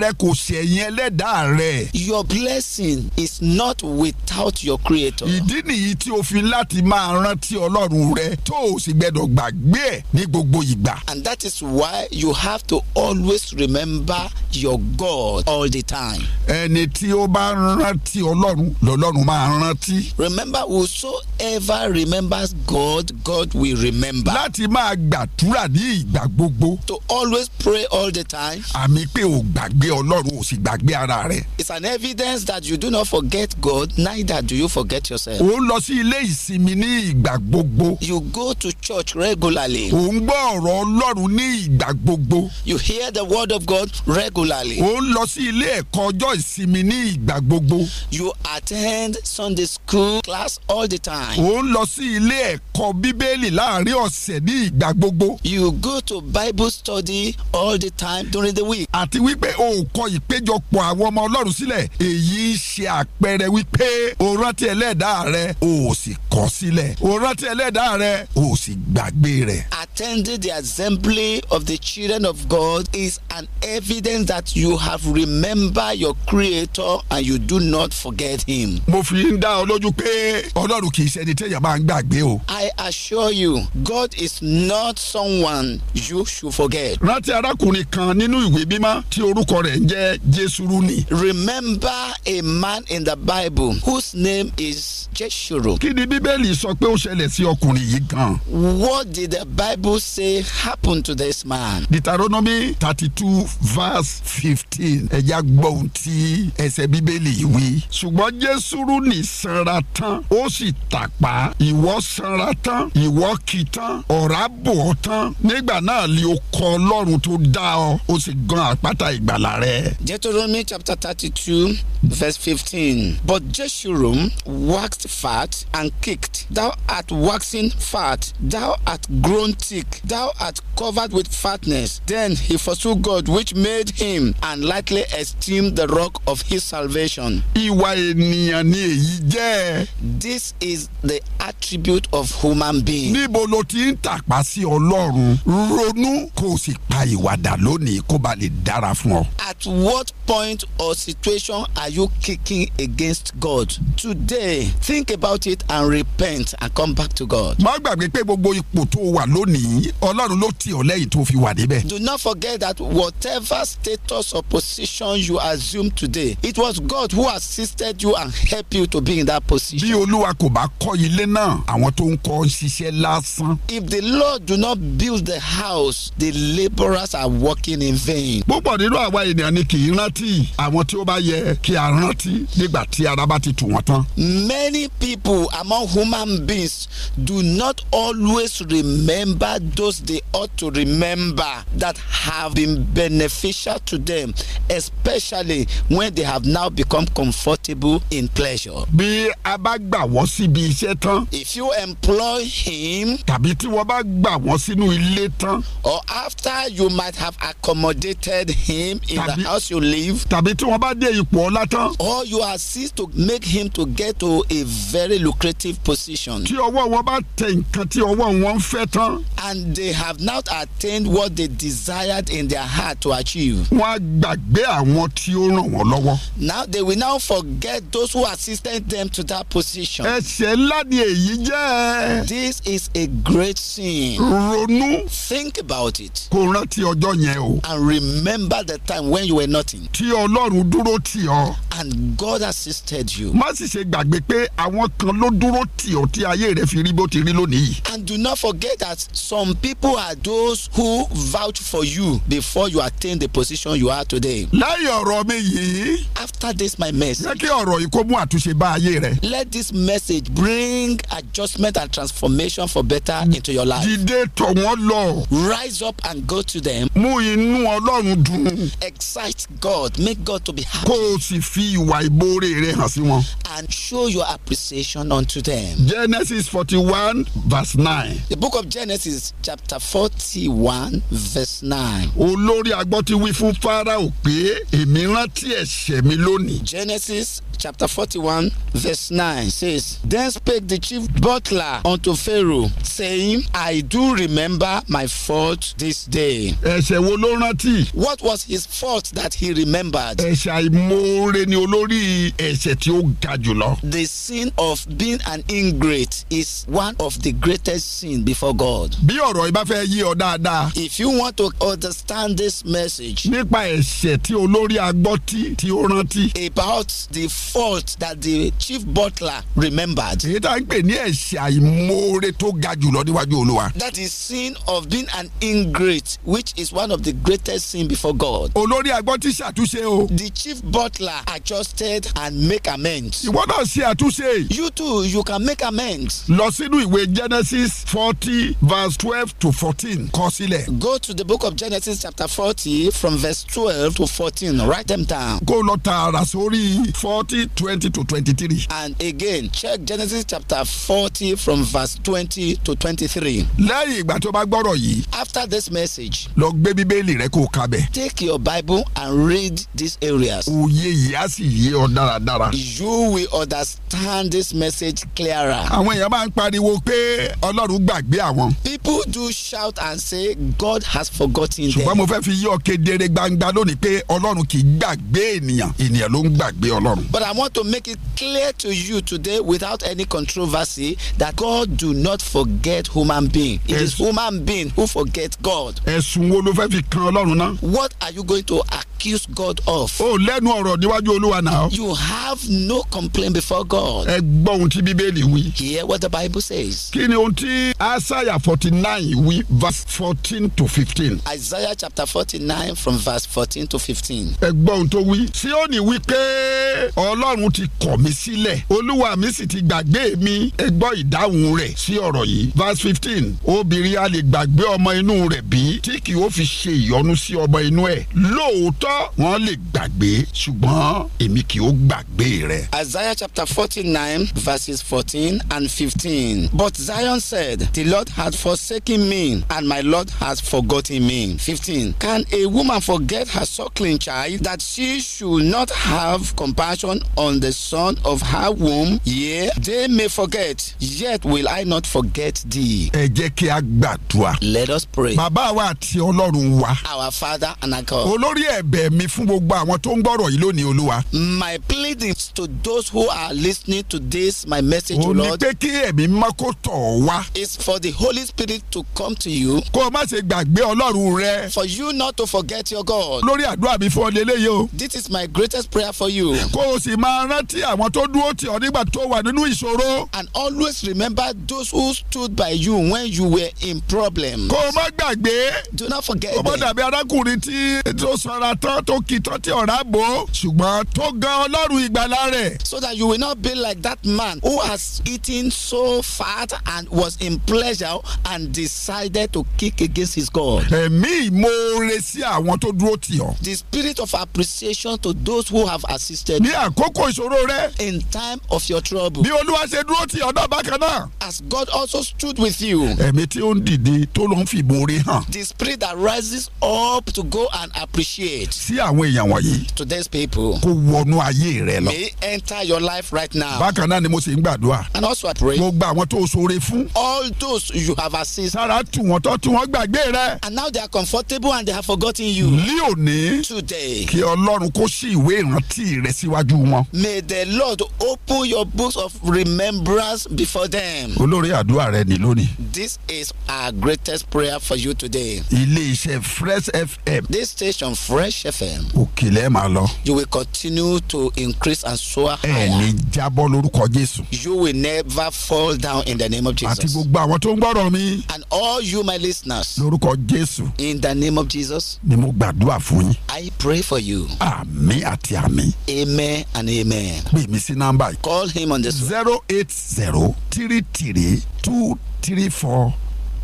S2: rẹ kò ṣẹ̀yìn ẹlẹ́dàá rẹ. Your blessing is not without your creator. Ìdí nìyí tí o fi láti máa rántí Ọlọ́run rẹ tó o sì gbẹ́dọ̀ gbàgbé ẹ̀ ní gbogbo ìgbà. And that is why you have to always remember your God all the time. Ẹni tí ó bá rántí Ọlọ́run lọ́lọ́run máa rántí. Remember whosoever remembers God, God will remember. Láti máa gbàdúrà ní ìgbàgbọ́ gbogbo. to always pray all the time. àmì pé o gbàgbé ọlọ́run o sì gbàgbé ara rẹ. it's an evidence that you do not forget God neither do you forget yourself. o lọ sí ilé ìsinmi ní ìgbà gbogbo. you go to church regularly. o ń gbọ́ ọ̀rọ̀ ọlọ́run ní ìgbà gbogbo. you hear the word of God regularly. o ń lọ sí ilé ẹ̀kọ́ ọjọ́ ìsinmi ní ìgbà gbogbo. you attend Sunday school class all the time. o ń lọ sí ilé ẹ̀kọ́ bíbélì láàrin ọ̀sẹ̀ ní ìgbà gbogbo. you go to bible study all the time during the week. àti wípé o kọ ìpéjọpọ̀ àwọn ọmọ ọlọ́run sílẹ̀ èyí ṣe àpẹẹrẹ wípé o rántí ẹlẹ́dàá rẹ o sì kọ̀ sílẹ̀ o rántí ẹlẹ́dàá rẹ o sì gbàgbé rẹ̀. attending the assembly of the children of God is an evidence that you have remembered your creator and you do not forget him. mo fi ń dá ọ lójú pé ọlọ́run kì í ṣe ẹni téèyàn máa ń gbàgbé o. I assure you God is not someone you you should forget. rántí arákùnrin kan nínú ìwé mímọ́ tí orúkọ rẹ̀ ń jẹ́ jésùrú ni. remember a man in the bible whose name is jésùrú. kí ni bíbélì sọ pé ó ṣẹlẹ̀ sí ọkùnrin yìí gan. what did the bible say happened to this man. deuteronomy thirty two verse fifteen ẹ̀yà gbọ́n ti ẹsẹ̀ bíbélì yìí wí. ṣùgbọ́n jésùrú ni sanra tán ó sì tàpá ìwọ sanra tán ìwọ kì tán ọ̀rá bò ọ́ tán nígbà náà lè o kọ ọlọ́run tó dá ọ o sì gan àpáta ìgbàlà rẹ. Deuteronomy chapter thirty-two verse fifteen But Jeshurun waxed fat and kicked thou art waxing fat thou art grown thick thou art covered with fatness then he forsook God which made him and lightly esteemed the rock of his salvation. Ìwà ènìyàn ni èyí jẹ́. This is the attribute of human being. Níbo ló ti ń tàpá sí ọlọ́run? Ronú ronú kó o sì pa ìwà lónìí kó ba lè dára fún ọ. At what point or situation are you kicking against God? Today, think about it and repent and come back to God. Má gbàgbé pé gbogbo ipò tó wà lónìí Ọlọ́run ló tì ọ́ lẹ́yìn tó fi wà níbẹ̀. Do not forget that whatever status or position you assume today, it was God who assisted you and helped you to be in that position. Bí Olúwa kò bá kọ́ ilé náà àwọn tó ń kọ́ ṣiṣẹ́ lásán. If the Lord do not build the house those the labourers are working in vain. púpọ̀ nínú àwa ènìyàn ni kì í rántí àwọn tí ó bá yẹ kí a rántí nígbà tí ara bá ti tù wọ́n tán. many people among human beings do not always remember those they ought to remember that have been beneficial to them especially when they have now become comfortable in pleasure. bí a bá gbà wọ́n síbi iṣẹ́ tán. if you employ him. tàbí tí wọ́n bá gbà wọ́n sínú ilé tán or after you might have accommodated him in tàbí, the house you live. tàbí tí wọ́n bá dé ipò ọlá tán. or you assist to make him to get to a very lucrative position. tí ọwọ́ wọn bá tẹ nǹkan tí ọwọ́ wọn fẹ́ tán. and they have not attained what they desired in their heart to achieve. wọ́n á gbàgbé àwọn tí ó ràn wọ́n lọ́wọ́. now they will now forget those who assisted them to that position. ẹ̀ṣẹ̀ ńlá ni èyí jẹ́. this is a great sin. ronú. think about it. kó rántí ọjọ́ yẹn o. and remember the time when you were nothing. tí ọlọ́run dúró tì ọ. and God assisted you. má sì ṣe gbàgbé pé àwọn kan ló dúró tì ọ tí ayé rẹ fi rí bó ti rí lónìí. and do not forget that some people are those who vouch for you before you attain the position you are today. lẹ́yìn ọ̀rọ̀ mi yìí. after this my message. jẹ́ kí ọ̀rọ̀ yìí kó mú àtúnṣe bá ayé rẹ. let this message bring adjustment and transformation for better into your life. dìde tọ̀ wọ́n lọ rise up and go to them. mú inú ọlọ́run dùn. excite God make God to be happy. kó o sì fi ìwà ìbóore rẹ hàn sí wọn. and show your appreciation unto them. Genesis forty-one verse nine. the book of Genesis chapter forty-one verse nine. olórí agbọ́ ti wí fún Fáráò pé èmi rántí ẹ̀ṣẹ̀ mi lónìí. Genesis chapter forty-one verse nine says Then spake the chief butler unto Pharaoh saying I do remember my fault fault this day? ẹ̀ṣẹ̀ wo ló rántí? What was his fault that he remembered? ẹ̀ṣẹ̀ àìmoore ni olórí ẹ̀ṣẹ̀ tí ó ga jùlọ. The sin of being an ingrate is one of the greatest sins before God. bí ọ̀rọ̀ yìí bá fẹ́ yí ọ dáadáa. If you want to understand this message. nípa ẹ̀ṣẹ̀ tí olórí agbọ́tí tí ó rántí. About the fault that the chief butler remembered. èyí tá à ń pè ní ẹ̀ṣẹ̀ àìmoore tó ga jùlọ níwájú Olúwa. That is sin of being an ingrate which is one of the greatest sin before God. olórí agbọ́n ti ṣàtúnṣe o. the chief butler adjusted and make amends. ìwọ náà ṣe àtúnṣe. you too you can make amends. lọ sínú ìwé genesis forty verse twelve to fourteen kọ sílẹ̀. go to the book of genesis chapter forty from verse twelve to fourteen write them down. kó lọ tààrà sórí forty twenty to twenty-three. and again check genesis chapter forty from verse twenty to twenty-three. lẹ́yìn ìgbà tó bá gbọ́rọ̀ yìí after this message. lọ gbé bíbélì rẹ kó o kà bẹ̀. take your bible and read these areas. òye yìí á sì yé ọ dáradára. you will understand this message clearer. àwọn èèyàn máa ń pariwo pé ọlọ́run gbàgbé àwọn. people do shout and say God has forgotten them. ṣùgbọ́n mo fẹ́ fi yí ọ kedere gbangba lónìí pé ọlọ́run kì í gbàgbé ènìyàn ènìyàn ló ń gbàgbé ọlọ́run. but I want to make it clear to you today without any controversy that God do not forget human being. it is human being who forget forget God. ẹ̀sùn wo ló fẹ́ fi kan Ọlọ́run náà. what are you going to accuse? accuse God of. o lẹ́nu ọ̀rọ̀ níwájú olúwa náà. you have no complaint before God. ẹ gbọ́ ohun tí bíbélì wí. hear what the bible says. kí ni ohun tí Isaiah forty nine wí verse fourteen to fifteen. Isaiah chapter forty nine from verse fourteen to fifteen. ẹ gbọ́ ohun tó wí. Síónì wí pé ọlọ́run ti kọ̀ mí sílẹ̀ olúwa mi sì ti gbàgbé mi ẹ gbọ́ ìdáhùn rẹ̀ sí ọ̀rọ̀ yìí. verse fifteen obìnrin a lè gbàgbé ọmọ inú rẹ̀ bí tí kì ó fi ṣe ìyọnu sí ọmọ inú ẹ̀ lóòótọ́ lóòótọ́ wọ́n lè gbàgbé ṣùgbọ́n èmi kì ó gbàgbé rẹ. Isaiah chapter forty-nine verses fourteen and fifteen. But Zion said, The Lord has forsaken me, and my Lord has forgotten me. fifteen. Can a woman forget her suckling child that she should not have compassion on the son of her womb? Yea, they may forget, yet will I not forget thee. Ẹ jẹ́ kí a gbàdúrà. Let us pray. Bàbá wa àti Ọlọ́run wa. Our Father and our God. Olórí ẹ̀bẹ̀ ẹ̀bẹ̀ mi fún gbogbo àwọn tó ń gbọ́rọ̀ yìí lónìí olúwa. my pleadings to those who are listening to this my message o lord. o ní pé kí ẹ̀mí mímọ́ tọ̀ ọ́ wá. is for the holy spirit to come to you. kó o má ṣe gbàgbé ọlọ́run rẹ. for you not to forget your God. lórí àdúrà mi fún ọ lélẹ́yìí o. this is my greatest prayer for you. kó o sì máa rántí àwọn tó dúró tì ọ́ nígbà tó wà nínú ìṣòro. and always remember those who stood by you when you were in problem. kó o má gbàgbé. do not forget them. ọmọ dàbí arákùnrin tí tó sanra tán tán tó kì tán tí ọ̀rá bò ó ṣùgbọ́n tó gan ọlọ́run ìgbàlà rẹ̀. so that you will not be like that man who has eaten so fat and was in pleasure and decided to kick against his God. ẹ̀mí ìmoore sí àwọn tó dúró tì ọ́. the spirit of appreciation to those who have assisted. ní àkókò ìṣòro rẹ. in time of your trouble. bí olúwa ṣe dúró tì ọ́ náà bákan náà. as God also stood with you. ẹ̀mí tí ó ń dìde tó ló ń fi ìmoore hàn. the spirit that rises up to go and appreciate. sí àwọn èèyàn wọ̀nyí. to these people. kó wọnú ayé rẹ lọ. may enter your life right now. bákan náà ni mo sì ń gbàdúrà. and also I pray. mo àwọn tó ṣoore fún. all those you have assisted. sára tù wọ́n tó tù wọ́n gbàgbé rẹ. and now they are comfortable and they have forgotten you. ní òní. today. kí ọlọ́run kó ṣí ìwé ìrántí rẹ síwájú wọn. may the Lord open your books of remembrance before them. olórí àdúrà rẹ ni lónìí. this is our greatest prayer for you today. ilé iṣẹ́ Fresh FM. this station Fresh Fresh FM. òkèlè máa lọ. you will continue to increase and soar higher. ẹ ní jábọ́ lórúkọ Jésù. you will never fall down in the name of Jesus. àti gbogbo àwọn tó ń gbọ́dọ̀ mi. and all you my listeners. lórúkọ Jésù. in the name of Jesus. ni mo gbàdúrà fún yín. I pray for you. àmín àti àmín. amen and amen. pè mí sí nọ́mbà yìí. call him on this one. zero eight zero three three two three four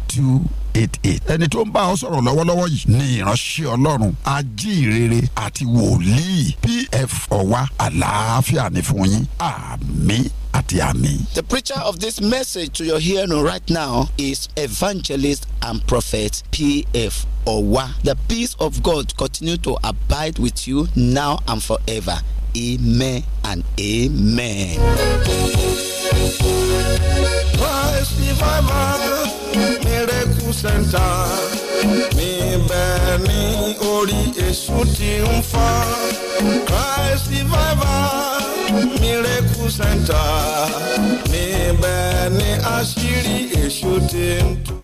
S2: two. eight eight ẹni tó ń bá ọ sọ̀rọ̀ lọ́wọ́lọ́wọ́ yìí ni ìránṣẹ́ ọlọ́run ajíhìnrere àti wòlíì pf ọ̀wá àlàáfíà ni fún yín àmín. The preacher of this message to your hearing right now is evangelist and prophet P.F. Owa. The peace of God continue to abide with you now and forever. Amen and amen. Christ, sẹ́ńtà níbẹ̀ ní
S5: orí èṣù ti ń fọ́ Christ revival miracle center níbẹ̀ ní àṣírí èṣù ti ń tú.